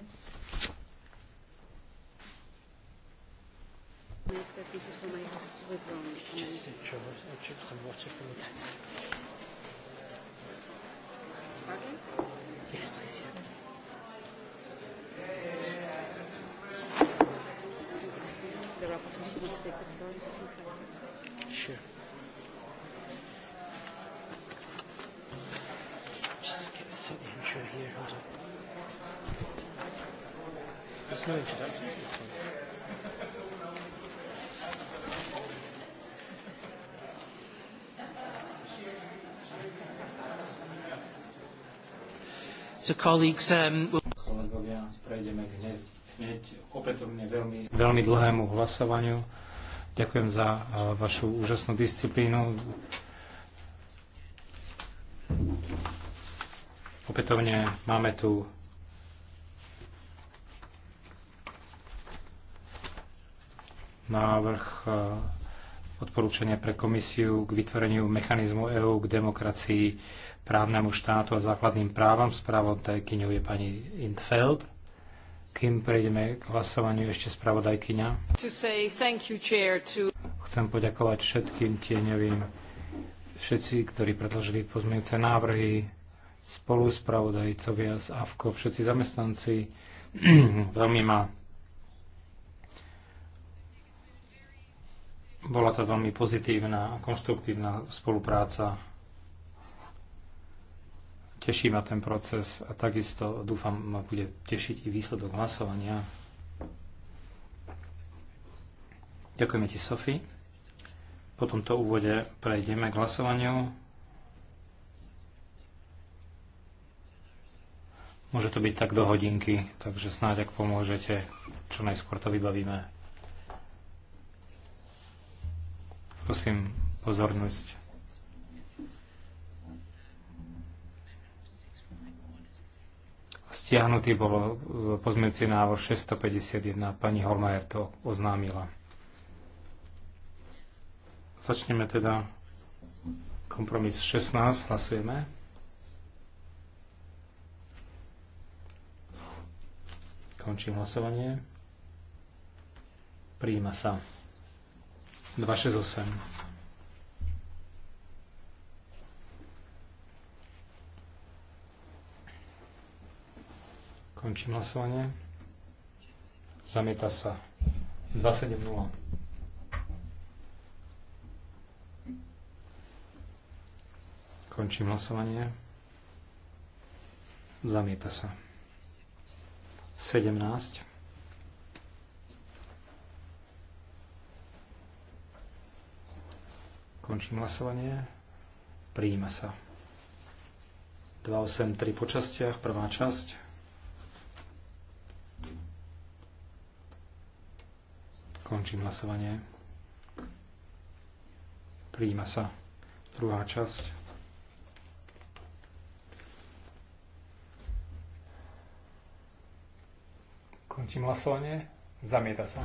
colleagues, um, hneď, opätovne veľmi, dlhému hlasovaniu. Ďakujem za uh, vašu úžasnú disciplínu. Opätovne máme tu návrh uh, odporúčania pre komisiu k vytvoreniu mechanizmu EÚ k demokracii, právnemu štátu a základným právam. Spravodajkyňou je pani Intfeld. Kým prejdeme k hlasovaniu, ešte spravodajkyňa. Chcem poďakovať všetkým tieňovým, všetci, ktorí predložili pozmeňujúce návrhy, spravodajcovia z AFKO, všetci zamestnanci. Veľmi ma Bola to veľmi pozitívna a konštruktívna spolupráca. Teší ma ten proces a takisto dúfam ma bude tešiť i výsledok hlasovania. Ďakujeme ti, Sofi. Po tomto úvode prejdeme k hlasovaniu. Môže to byť tak do hodinky, takže snáď ak pomôžete, čo najskôr to vybavíme. Prosím, pozornosť. Stiahnutý bol pozmeňujúci návrh 651. Pani Holmajer to oznámila. Začneme teda kompromis 16. Hlasujeme. Končím hlasovanie. Príjima sa. 268. Končím hlasovanie. Zamieta sa. 27.0. Končím hlasovanie. Zamieta sa. 17. Končím hlasovanie. Prijíma sa. 283 po častiach, prvá časť. Končím hlasovanie. Prijíma sa. Druhá časť. Končím hlasovanie. Zamieta sa.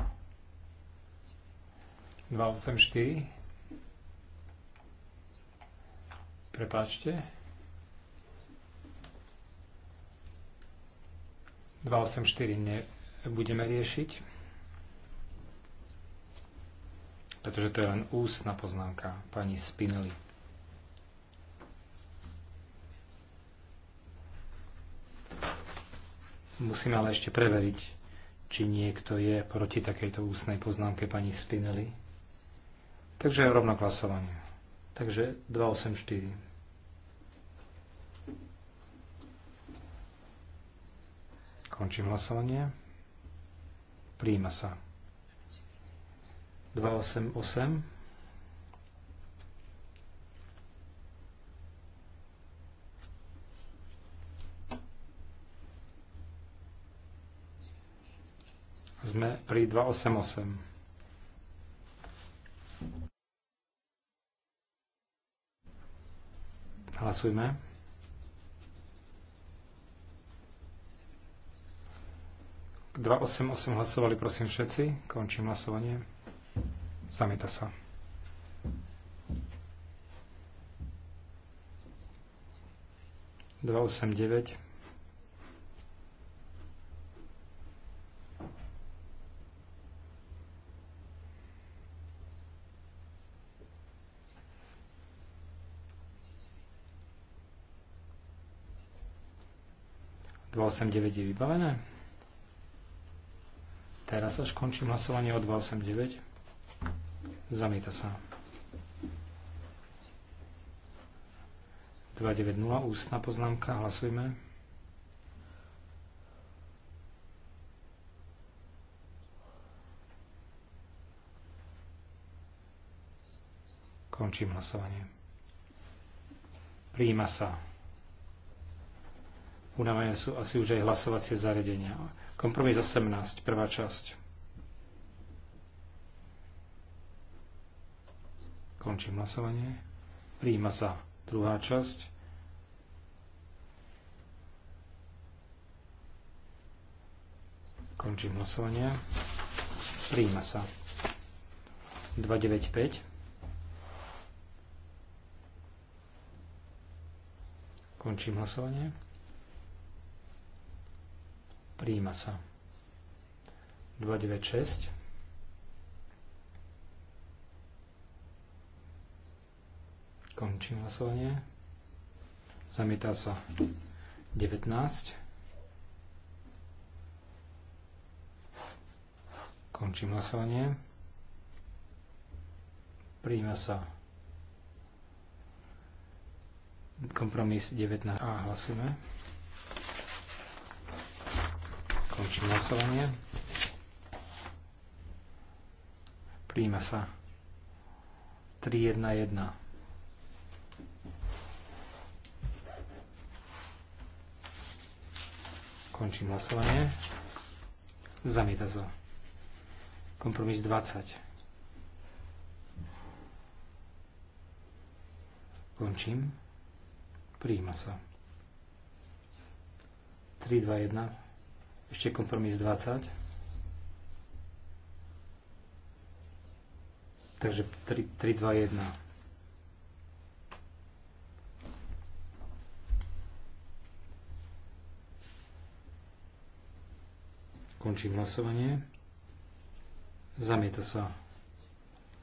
284. Prepáčte. 284 nebudeme riešiť, pretože to je len ústna poznámka pani Spinelli. Musíme ale ešte preveriť, či niekto je proti takejto ústnej poznámke pani Spinelli. Takže rovno hlasovanie. Takže 284. Končím hlasovanie. Príjima sa. 288. sme pri 288. Hlasujme. 288 hlasovali, prosím všetci. Končím hlasovanie. Zamieta sa. Dva osem deväť. Dva osem deväť je vybavené. Teraz až končím hlasovanie o 289. Zamieta sa. 290 ústna poznámka. Hlasujme. Končím hlasovanie. Príjima sa. Unavené sú asi už aj hlasovacie zariadenia. Kompromis 18, prvá časť. Končím hlasovanie. Príjima sa druhá časť. Končím hlasovanie. Príjima sa. 295. Končím hlasovanie. Príjima sa. 296. Končím hlasovanie. Zamietá sa 19. Končím hlasovanie. Príjima sa kompromis 19 a hlasujeme. Končím hlasovanie. Príjme sa 3, 1, 1. Končím hlasovanie. Zamieta sa. Kompromis 20. Končím. Príjma sa. 3, 2, 1. Ešte kompromis 20. Takže 3, 3 2, 1. Končím hlasovanie. Zamieta sa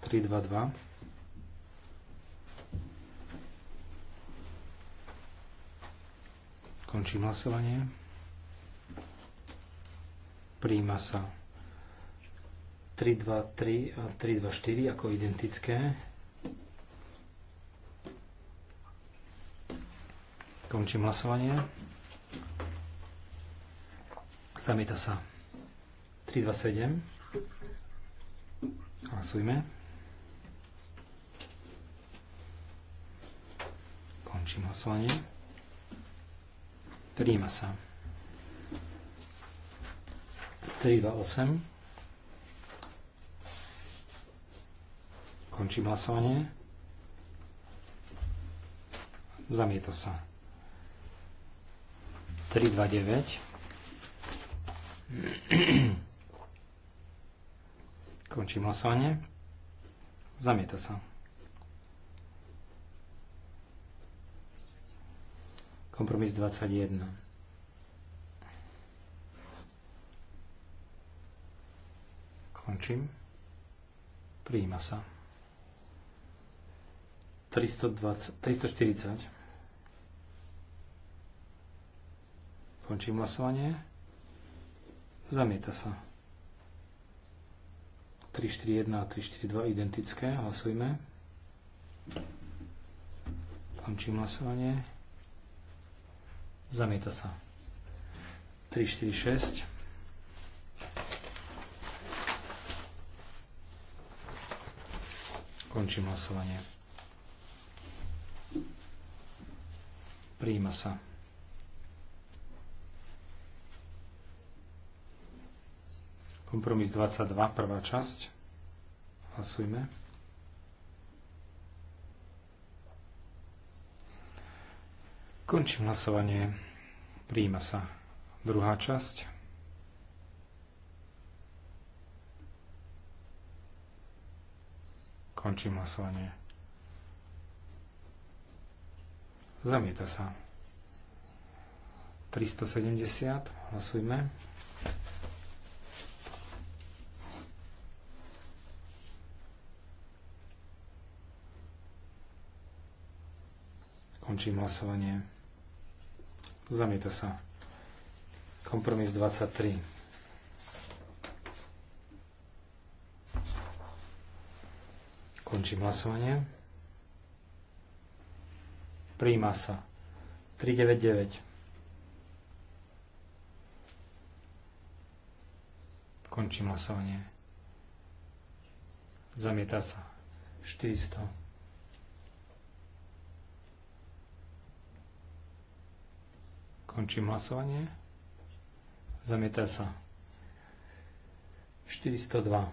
3, 2, 2. Končím hlasovanie. Príjma sa 323 a 324 ako identické. Končím hlasovanie. Zamieta sa 327. Hlasujme. Končím hlasovanie. Príjma sa. 3, 2, 8. Končím hlasovanie. Zamieta sa. 3, 2, 9. Končím hlasovanie. Zamieta sa. Kompromis 21. Končím. Prijíma sa. 320, 340. Končím hlasovanie. Zamieta sa. 341 a 342 identické. Hlasujme. Končím hlasovanie. Zamieta sa. 346. Končím hlasovanie. Príjima sa. Kompromis 22, prvá časť. Hlasujme. Končím hlasovanie. Príjima sa. Druhá časť. Končím hlasovanie. Zamieta sa. 370. Hlasujme. Končím hlasovanie. Zamieta sa. Kompromis 23. Končím hlasovanie. Príjma sa. 399. Končím hlasovanie. Zamieta sa. 400. Končím hlasovanie. Zamieta sa. 402.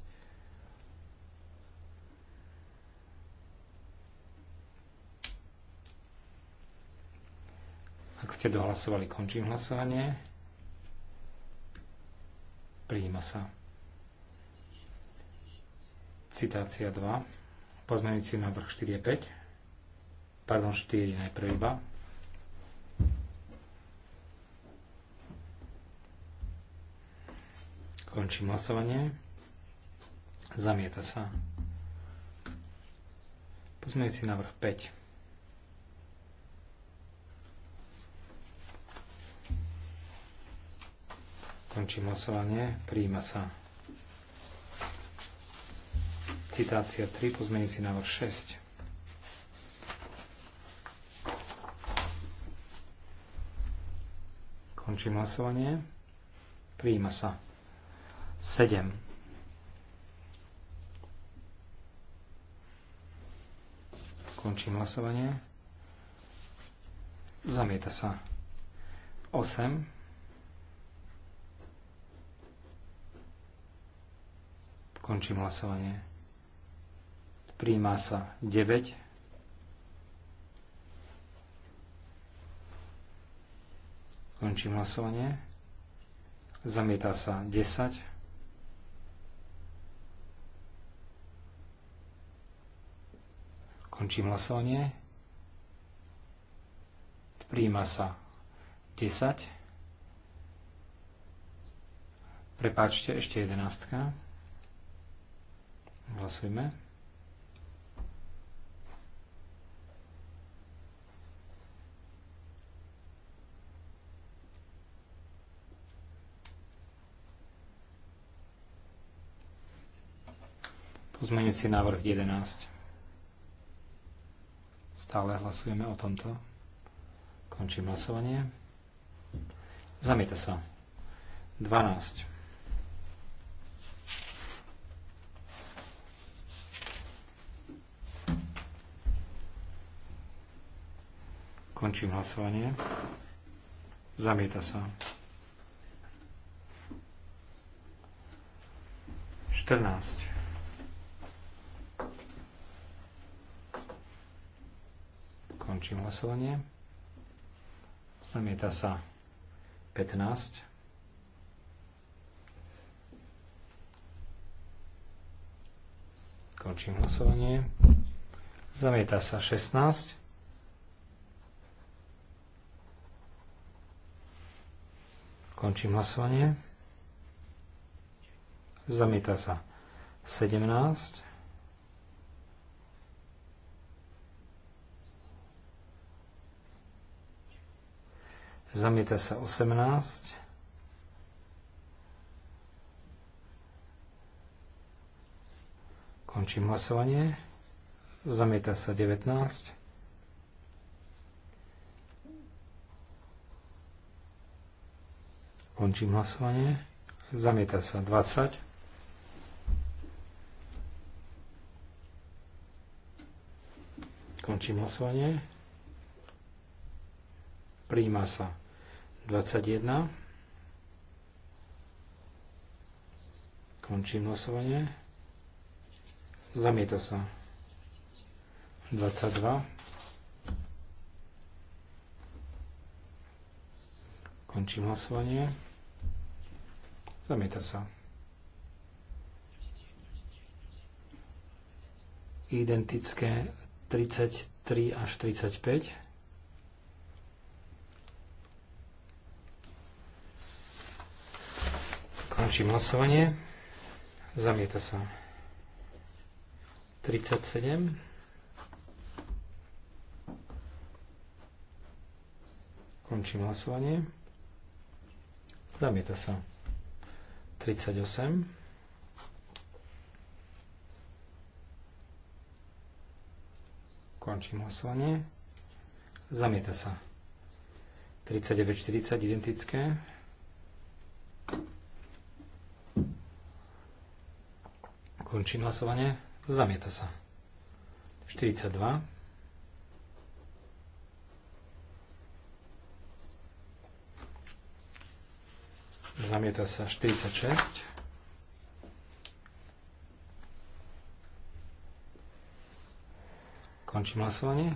ste dohlasovali, končím hlasovanie. Prijíma sa. Citácia 2. Pozmenujúci návrh 4 je 5. Pardon, 4 najprv iba. Končím hlasovanie. Zamieta sa. si návrh 5. Končím hlasovanie. Príjima sa. Citácia 3, pozmeňujúci návrh 6. Končím hlasovanie. Príjima sa. 7. Končím hlasovanie. Zamieta sa. 8. Končím hlasovanie. Príjma sa 9. Končím hlasovanie. Zamieta sa 10. Končím hlasovanie. Príjma sa 10. Prepáčte, ešte 11. Hlasujme. Pozmeňujúci návrh 11. Stále hlasujeme o tomto. Končím hlasovanie. Zamieta sa. 12. Končím hlasovanie. Zamieta sa. 14. Končím hlasovanie. Zamieta sa 15. Končím hlasovanie. Zamieta sa 16. Končím hlasovanie. Zamieta sa 17. Zamieta sa 18. Končím hlasovanie. Zamieta sa 19. Končím hlasovanie. Zamieta sa 20. Končím hlasovanie. Príjma sa 21. Končím hlasovanie. Zamieta sa 22. Končím hlasovanie. Zamieta sa. Identické 33 až 35. Končím hlasovanie. Zamieta sa. 37. Končím hlasovanie. Zamieta sa. 38. Končím hlasovanie. Zamieta sa. 39-40 identické. Končím hlasovanie. Zamieta sa. 42. zamieta sa 46. Končím hlasovanie.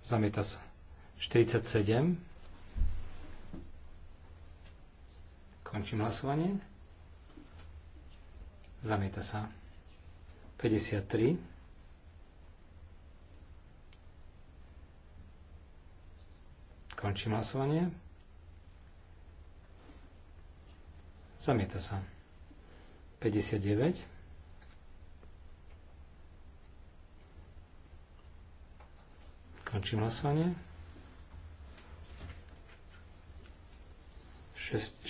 Zamieta sa 47. Končím hlasovanie. Zamieta sa 53. Končím hlasovanie. Zamieta sa. 59. Končím hlasovanie. 60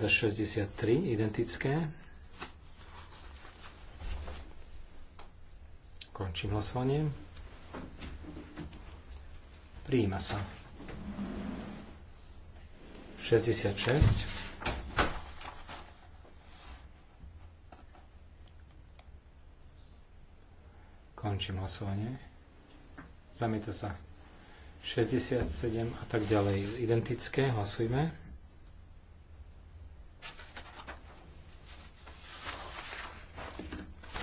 a 63 identické. Končím hlasovanie. Prijíma sa. 66. Končím hlasovanie. Zamieta sa. 67 a tak ďalej. Identické. Hlasujme.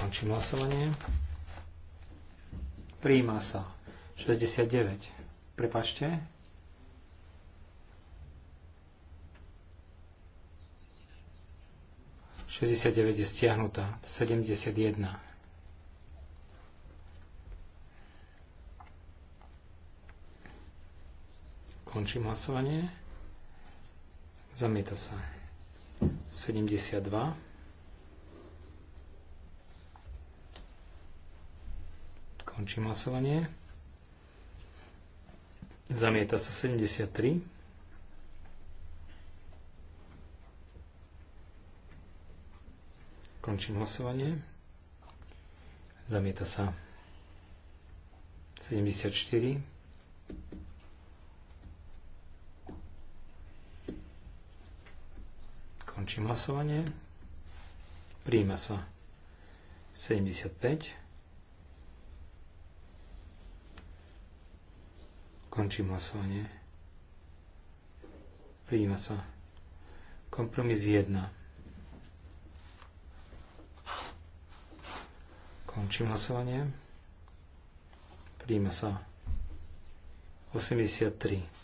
Končím hlasovanie. Príjma sa. 69. Prepačte. Šesťdesiatdeväť je stiahnutá. Sedemdesiatjeden. Končím hlasovanie. Zamieta sa. 72. Končím hlasovanie. Zamieta sa 73. Končím hlasovanie. Zamieta sa 74. Končím hlasovanie. Príjme sa 75. Končím hlasovanie. Príjme sa. Kompromis 1. Končím hlasovanie. Príjme sa. 83.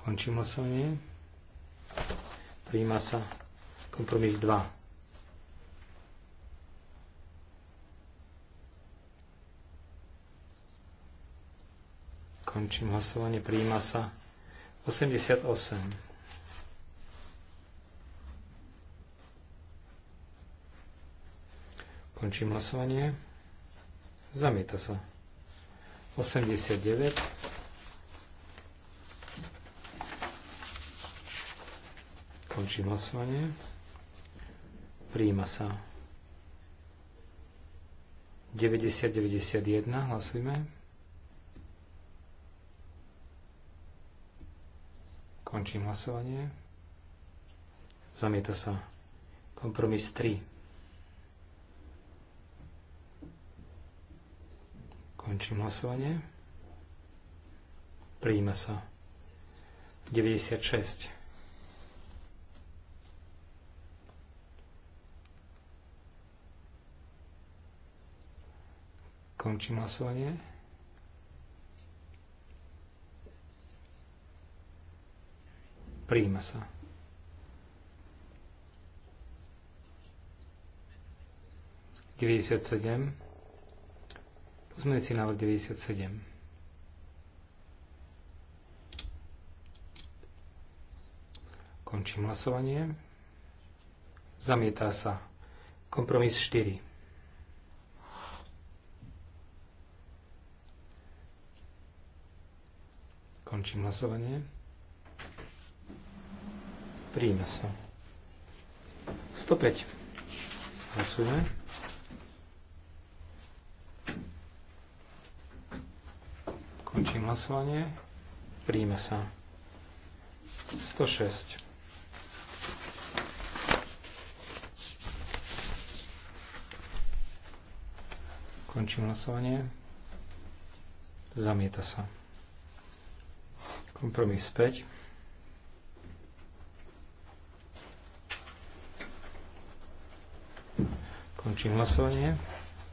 Končím hlasovanie. Príjma sa kompromis 2. Končím hlasovanie. Prijíma sa 88. Končím hlasovanie. Zamieta sa. 89. Končím hlasovanie. Príjima sa. 90-91 hlasujme. Končím hlasovanie. Zamieta sa. Kompromis 3. Končím hlasovanie. Príjima sa. 96. Končím hlasovanie. Príjima sa. Deväťdesiat sedem. Pozmeňujúci návrh 97. Končím hlasovanie. Zamietá sa. Kompromis 4. Končím hlasovanie. Príjme sa. 105. Hlasujeme. Končím hlasovanie. Príjme sa. 106. Končím hlasovanie. Zamieta sa. Kompromis 5. Končím hlasovanie.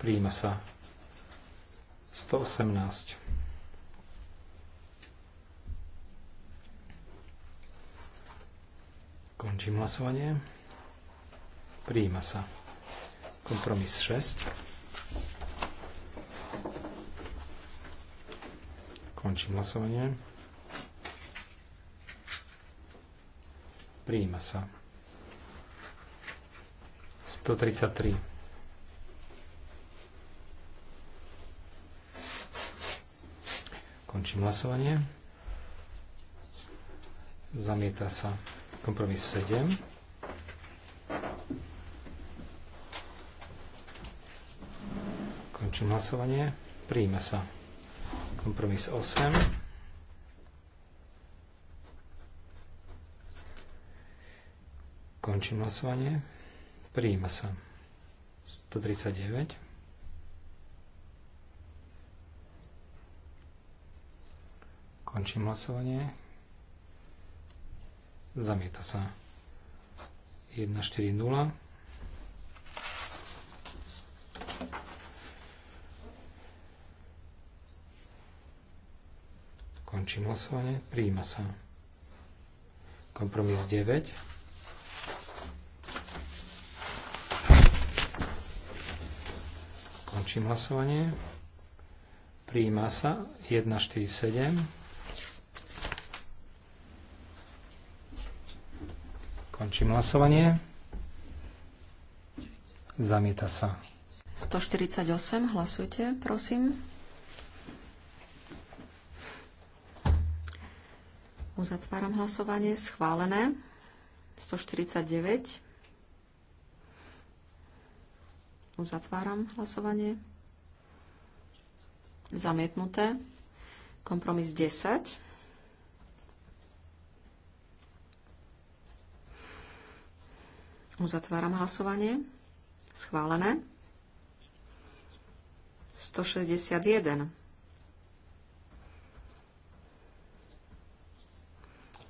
Príjima sa. 118. Končím hlasovanie. Príjima sa. Kompromis 6. Končím hlasovanie. Prijíma sa. 133. Končím hlasovanie. Zamieta sa kompromis 7. Končím hlasovanie. Prijíma sa kompromis 8. Končím hlasovanie. Prijíma sa. 139. Končím hlasovanie. Zamieta sa. 140. Končím hlasovanie. Prijíma sa. Kompromis 9. Končím hlasovanie. Prijíma sa 147. Končím hlasovanie. Zamieta sa.
148, hlasujte, prosím. Uzatváram hlasovanie, schválené. 149. Uzatváram hlasovanie. Zamietnuté. Kompromis 10. Uzatváram hlasovanie. Schválené. 161.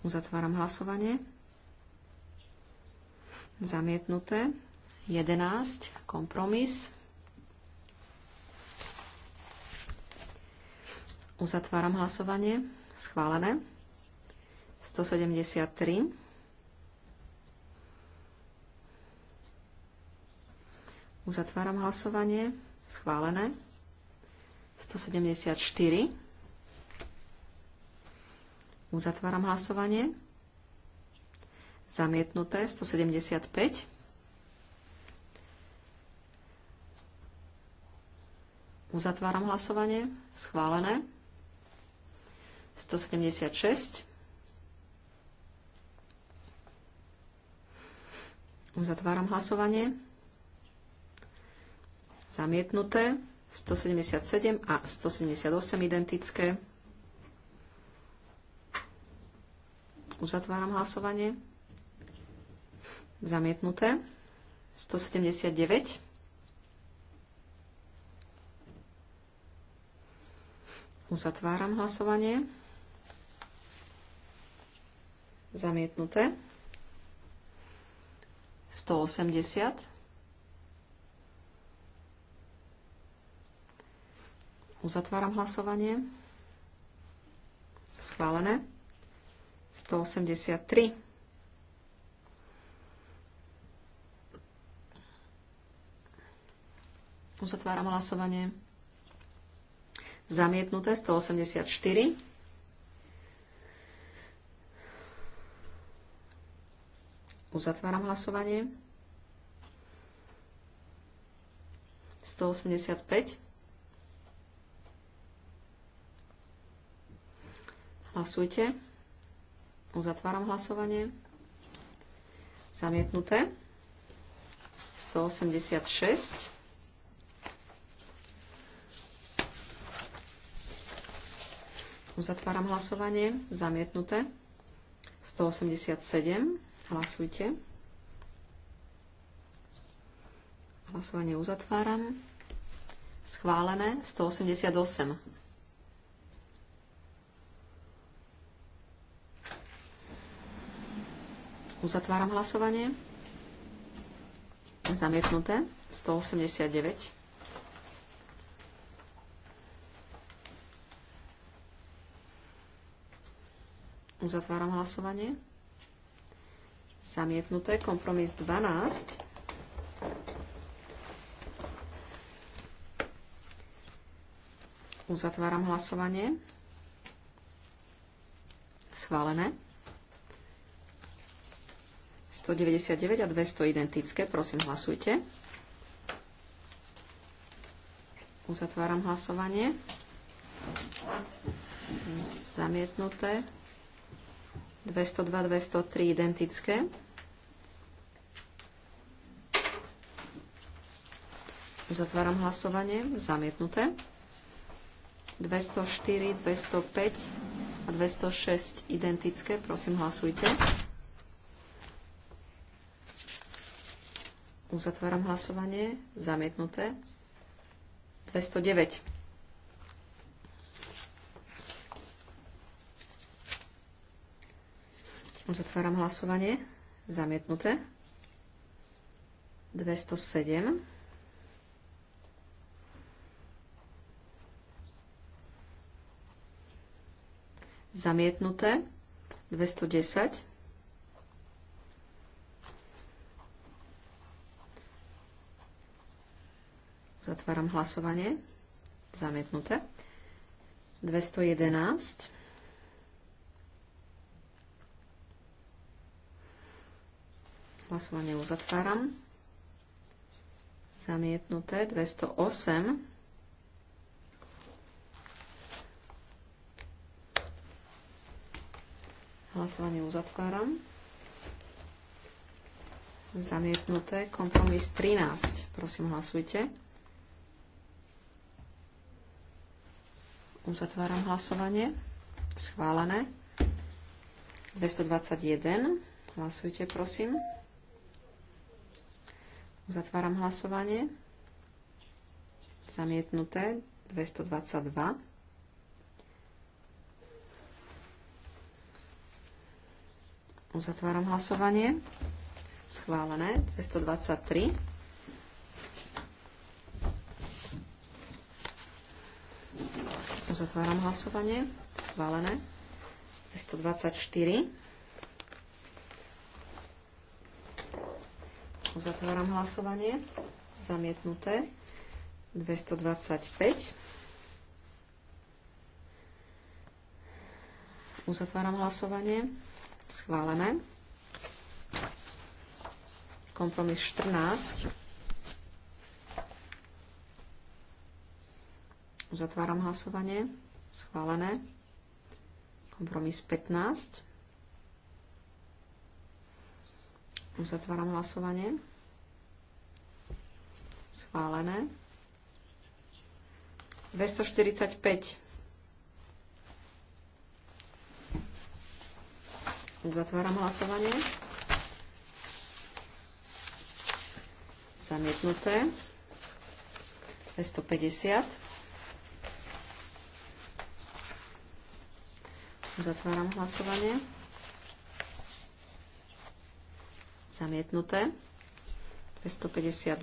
Uzatváram hlasovanie. Zamietnuté. 11, kompromis. Uzatváram hlasovanie. Schválené. 173. Uzatváram hlasovanie. Schválené. 174. Uzatváram hlasovanie. Zamietnuté. 175. Uzatváram hlasovanie. Schválené. 176. Uzatváram hlasovanie. Zamietnuté. 177 a 178 identické. Uzatváram hlasovanie. Zamietnuté. 179. Uzatváram hlasovanie. Zamietnuté. 180. Uzatváram hlasovanie. Schválené. 183. Uzatváram hlasovanie. Zamietnuté 184. Uzatváram hlasovanie. 185. Hlasujte. Uzatváram hlasovanie. Zamietnuté. 186. Uzatváram hlasovanie. Zamietnuté. 187. Hlasujte. Hlasovanie uzatváram. Schválené. 188. Uzatváram hlasovanie. Zamietnuté. 189. Uzatváram hlasovanie. Zamietnuté. Kompromis 12. Uzatváram hlasovanie. Schválené. 199 a 200 identické. Prosím, hlasujte. Uzatváram hlasovanie. Zamietnuté. 202, 203 identické. Uzatváram hlasovanie. Zamietnuté. 204, 205 a 206 identické. Prosím, hlasujte. Uzatváram hlasovanie. Zamietnuté. 209. Uzatváram hlasovanie. Zamietnuté. 207. Zamietnuté. 210. Zatváram hlasovanie. Zamietnuté. 211. Hlasovanie uzatváram. Zamietnuté 208. Hlasovanie uzatváram. Zamietnuté. Kompromis 13. Prosím, hlasujte. Uzatváram hlasovanie. Schválené. 221. Hlasujte, prosím. Uzatváram hlasovanie. Zamietnuté 222. Uzatváram hlasovanie. Schválené 223. Uzatváram hlasovanie. Schválené 224. Uzatváram hlasovanie. Zamietnuté. 225. Uzatváram hlasovanie. Schválené. Kompromis 14. Uzatváram hlasovanie. Schválené. Kompromis 15. Uzatváram hlasovanie. Schválené. 245. Uzatváram hlasovanie. Zamietnuté. 250. Uzatváram hlasovanie. Zamietnuté. 252.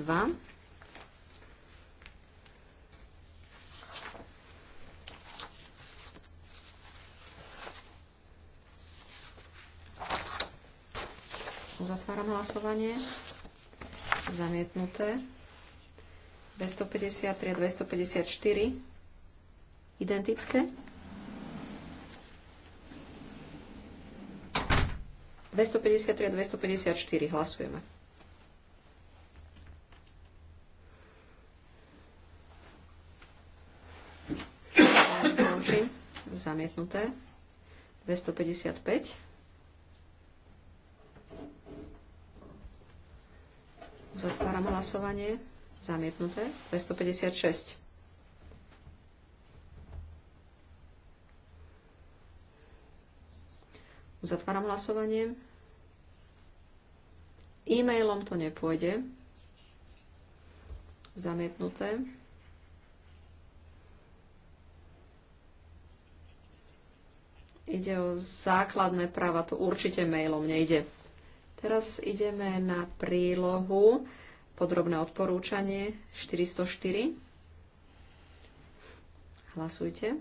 Uzatváram hlasovanie. Zamietnuté. 253 a 254. Identické. 253 a 254 hlasujeme. Končím. Zamietnuté. 255. Zatváram hlasovanie. Zamietnuté. 256. Uzatváram hlasovanie. E-mailom to nepôjde. Zamietnuté. Ide o základné práva, to určite mailom nejde. Teraz ideme na prílohu podrobné odporúčanie 404. Hlasujte.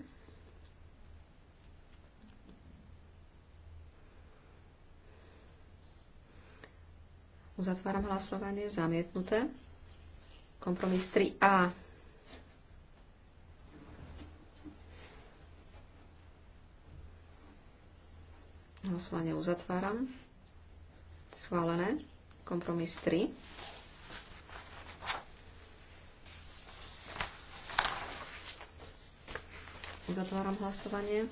Uzatváram hlasovanie. Zamietnuté. Kompromis 3A. Hlasovanie uzatváram. Schválené. Kompromis 3. Uzatváram hlasovanie.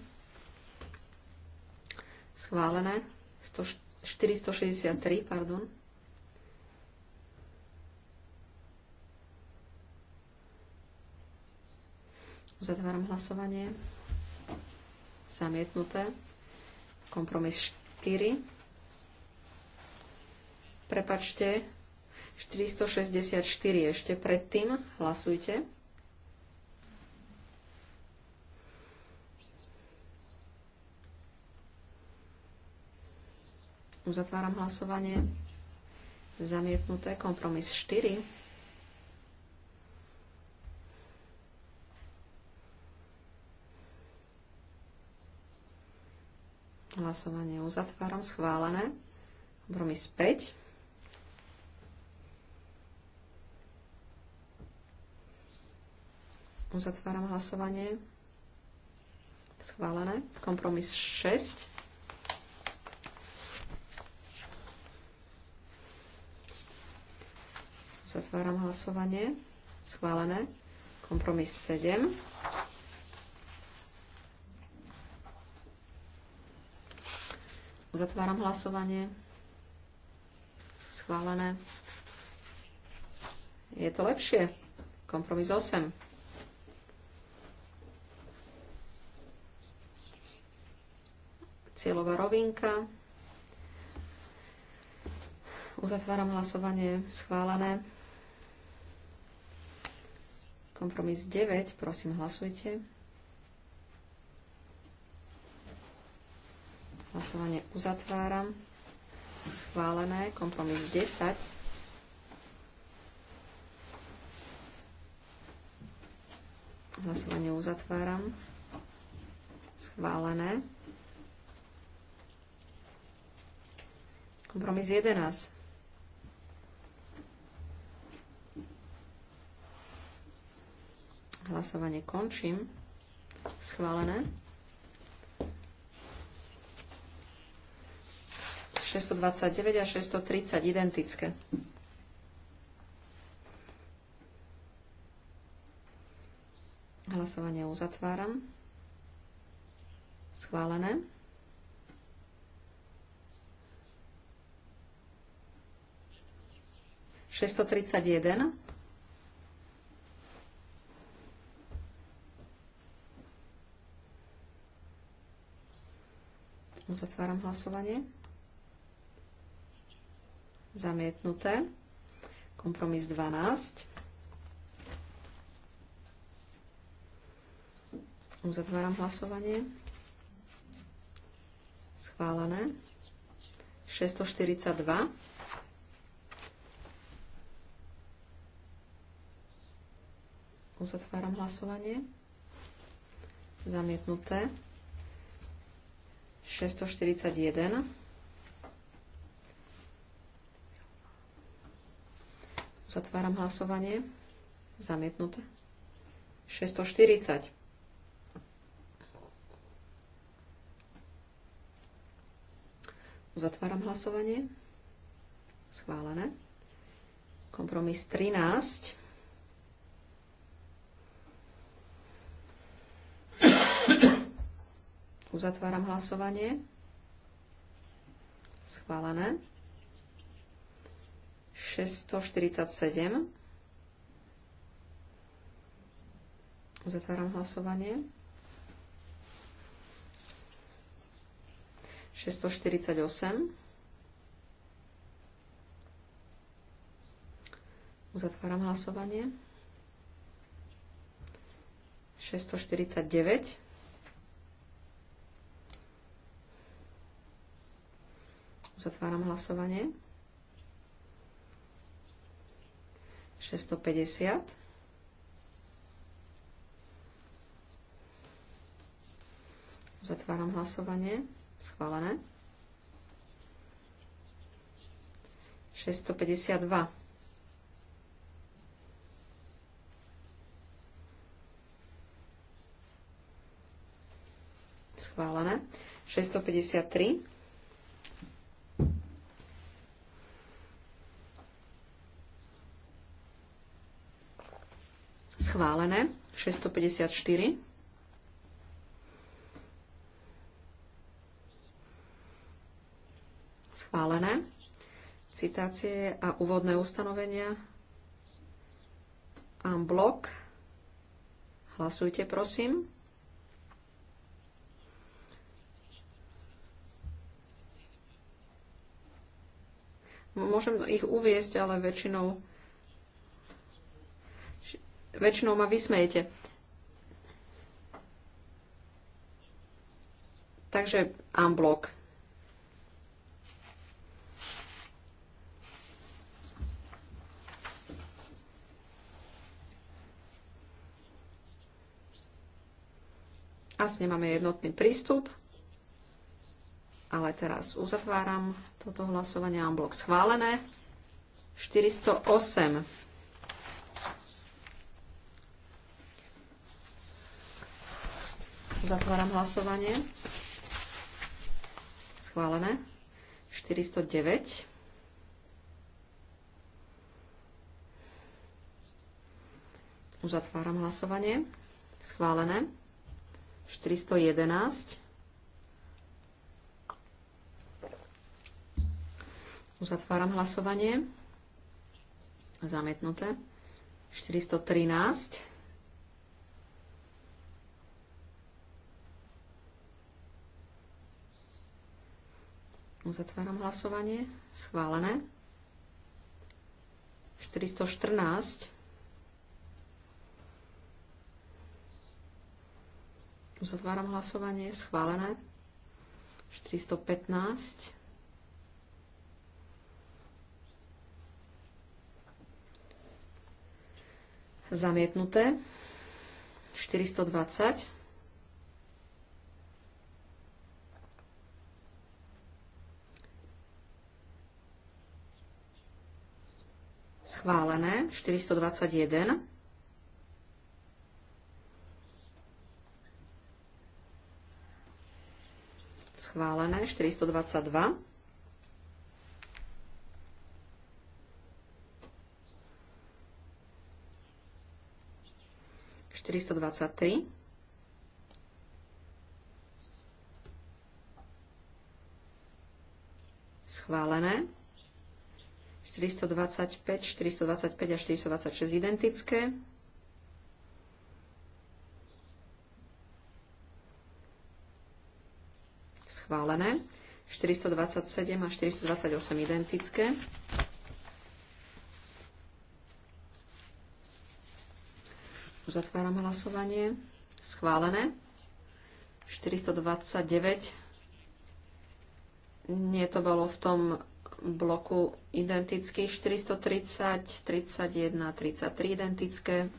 Schválené. 463, pardon. Uzatváram hlasovanie. Zamietnuté. Kompromis 4. Prepačte, 464 ešte predtým. Hlasujte. Uzatváram hlasovanie. Zamietnuté. Kompromis 4. Hlasovanie uzatváram. Schválené. Kompromis 5. Uzatváram hlasovanie. Schválené. Kompromis 6. Uzatváram hlasovanie. Schválené. Kompromis 7. Uzatváram hlasovanie. Schválené. Je to lepšie. Kompromis 8. Cieľová rovinka. Uzatváram hlasovanie. Schválené. Kompromis 9. Prosím, hlasujte. Hlasovanie uzatváram. Schválené. Kompromis 10. Hlasovanie uzatváram. Schválené. Kompromis 11. Hlasovanie končím. Schválené. 629 a 630 identické. Hlasovanie uzatváram. Schválené. Šesto tridsať jeden. Uzatváram hlasovanie. Zamietnuté. Kompromis 12. Uzatváram hlasovanie. Schválené. 642. Uzatváram hlasovanie. Zamietnuté. 641. Zatváram hlasovanie. Zamietnuté. 640. Uzatváram hlasovanie. Schválené. Kompromis 13. Uzatváram hlasovanie. Schválené. 647. Uzatváram hlasovanie. 648. Uzatváram hlasovanie. 649. Uzatváram hlasovanie. 650. Zatváram hlasovanie. Schválené. 652. Schválené. 653. Schválené. 654. Schválené. Citácie a úvodné ustanovenia. blok. Hlasujte, prosím. Môžem ich uviesť, ale väčšinou väčšinou ma vysmejete. Takže unblock. Asi nemáme jednotný prístup, ale teraz uzatváram toto hlasovanie. Unblock schválené. 408. Zatváram hlasovanie. Schválené. 409. Uzatváram hlasovanie. Schválené. 411. Uzatváram hlasovanie. Zamietnuté. 413. Uzatváram hlasovanie. Schválené. 414. Uzatváram hlasovanie. Schválené. 415. Zamietnuté. 420. Schválené. 421. Schválené. 422. Štyristo dvadsať tri. 423 schválené. 425, 425 a 426 identické. Schválené. 427 a 428 identické. Uzatváram hlasovanie. Schválené. 429. Nie, to bolo v tom bloku identických 430, 31, 33 identické.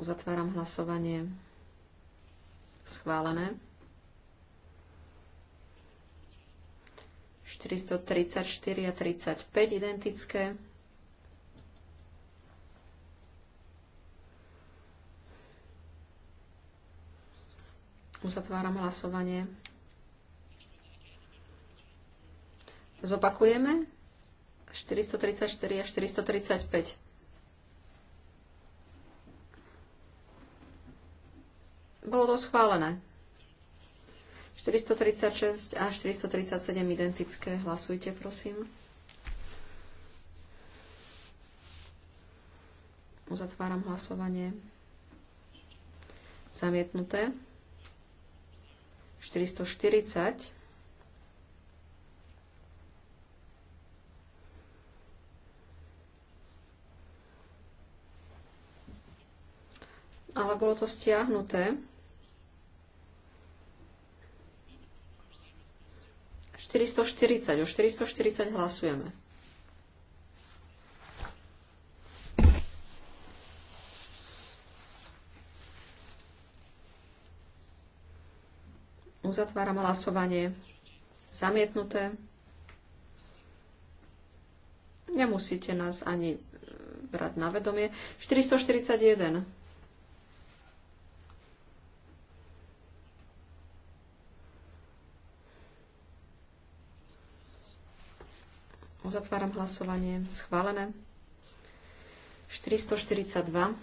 Uzatváram hlasovanie. Schválené. 434 a 35 identické. Uzatváram hlasovanie. Zopakujeme. 434 a 435. Bolo to schválené. 436 a 437 identické. Hlasujte, prosím. Uzatváram hlasovanie. Zamietnuté. 440 ale bolo to stiahnuté. 440, o 440 hlasujeme. Uzatváram hlasovanie. Zamietnuté. Nemusíte nás ani brať na vedomie. 441. Uzatváram hlasovanie. Schválené. 442.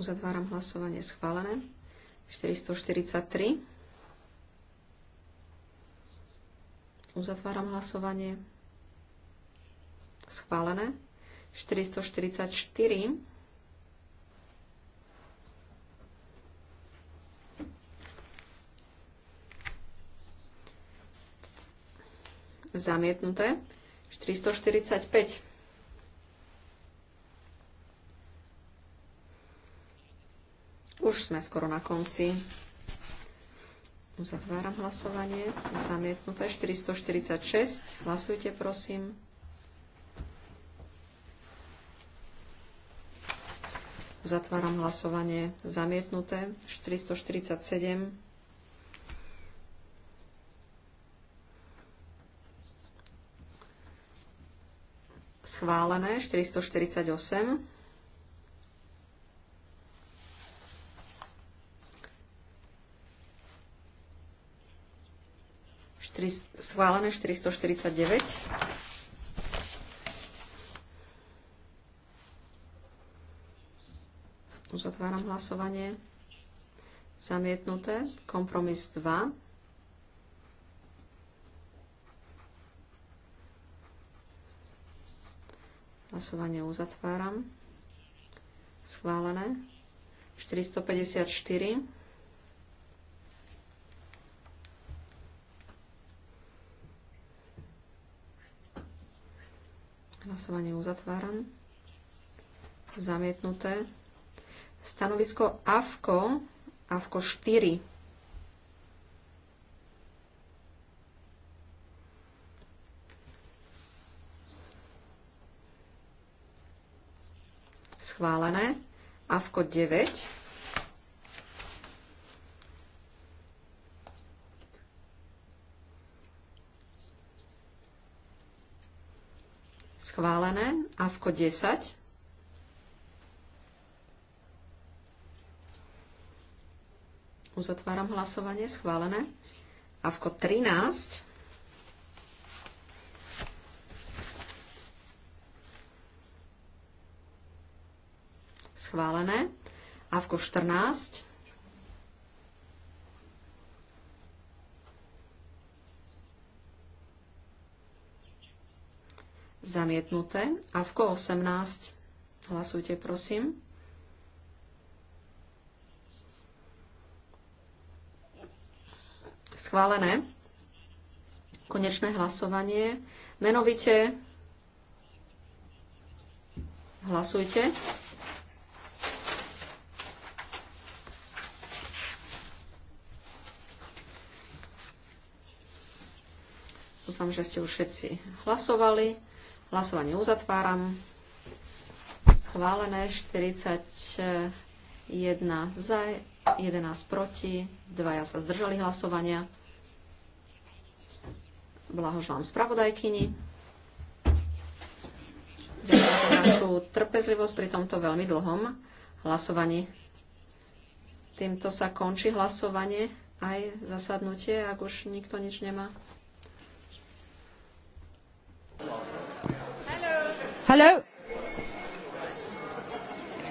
Uzatváram hlasovanie schválené. 443. Uzatváram hlasovanie schválené. 444. zamietnuté. 445. Už sme skoro na konci. Uzatváram hlasovanie. Zamietnuté 446. Hlasujte, prosím. Uzatváram hlasovanie. Zamietnuté 447. schválené 448. schválené 449. Uzatváram hlasovanie. Zamietnuté. Kompromis 2. Hlasovanie uzatváram. Schválené. 454. Hlasovanie uzatváram. Zamietnuté. Stanovisko AFKO, AFKO 4. schválené. A v kod 9. Schválené. A v kod 10. Uzatváram hlasovanie. Schválené. A v kod 13. schválené. Avko 14. Zamietnuté. Avko 18. Hlasujte, prosím. Schválené. Konečné hlasovanie. Menovite hlasujte. Dúfam, že ste už všetci hlasovali. Hlasovanie uzatváram. Schválené 41 za, 11 proti, 2 sa zdržali hlasovania. Blahoželám spravodajkyni. Ďakujem za našu trpezlivosť pri tomto veľmi dlhom hlasovaní. Týmto sa končí hlasovanie aj zasadnutie, ak už nikto nič nemá. Hello. Hello.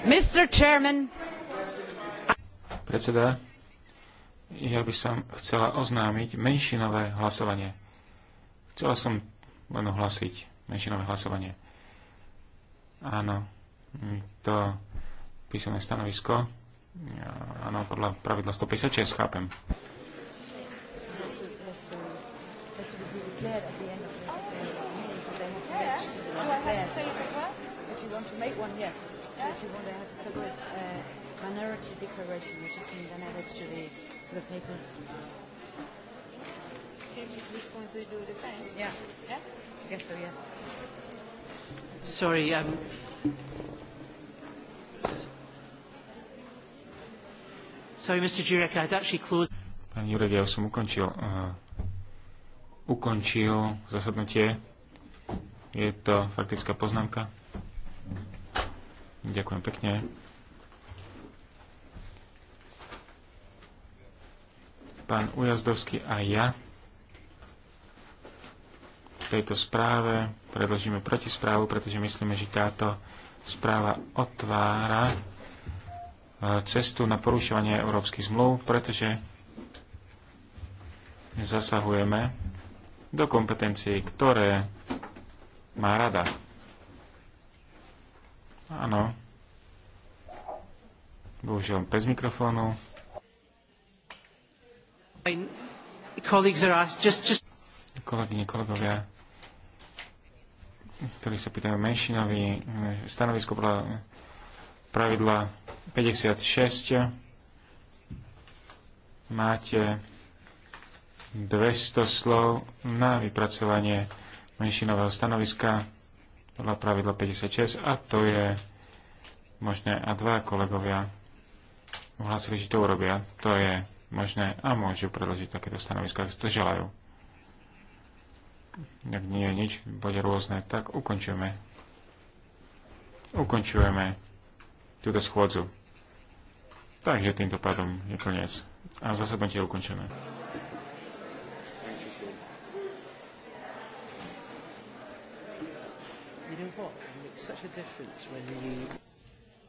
Mr. Chairman.
Predseda, ja by som chcela oznámiť menšinové hlasovanie. Chcela som len ohlasiť menšinové hlasovanie. Áno, to písané stanovisko. Áno, podľa pravidla 156, chápem.
Yes,
there. have to say it as well? If you want to make one, yes. Yeah? So if you want to have uh, a separate uh, minority declaration, which is being then added to the, to the paper. See if he's going to do the same? Yeah. Yeah? I guess so, yeah. Sorry, um,
Sorry, Mr. Jurek, I'd actually closed...
Pán Jurek, ja už som ukončil, uh, ukončil zasadnutie. Je to faktická poznámka. Ďakujem pekne. Pán Ujazdovský a ja v tejto správe predložíme protisprávu, pretože myslíme, že táto správa otvára e, cestu na porušovanie európskych zmluv, pretože zasahujeme do kompetencií, ktoré má rada. Áno. Bohužiaľ, bez mikrofónu. Kolegyne, kolegovia, ktorí sa pýtajú menšinovi, stanovisko podľa pravidla 56 máte 200 slov na vypracovanie menšinového stanoviska podľa pravidla 56 a to je možné a dva kolegovia uhlasili, že to urobia. To je možné a môžu predložiť takéto stanovisko, ak to želajú. Ak nie je nič, bude rôzne, tak ukončujeme. Ukončujeme túto schôdzu. Takže týmto pádom je koniec. A zasadnutie je ukončené.
You know what? It makes such a difference when you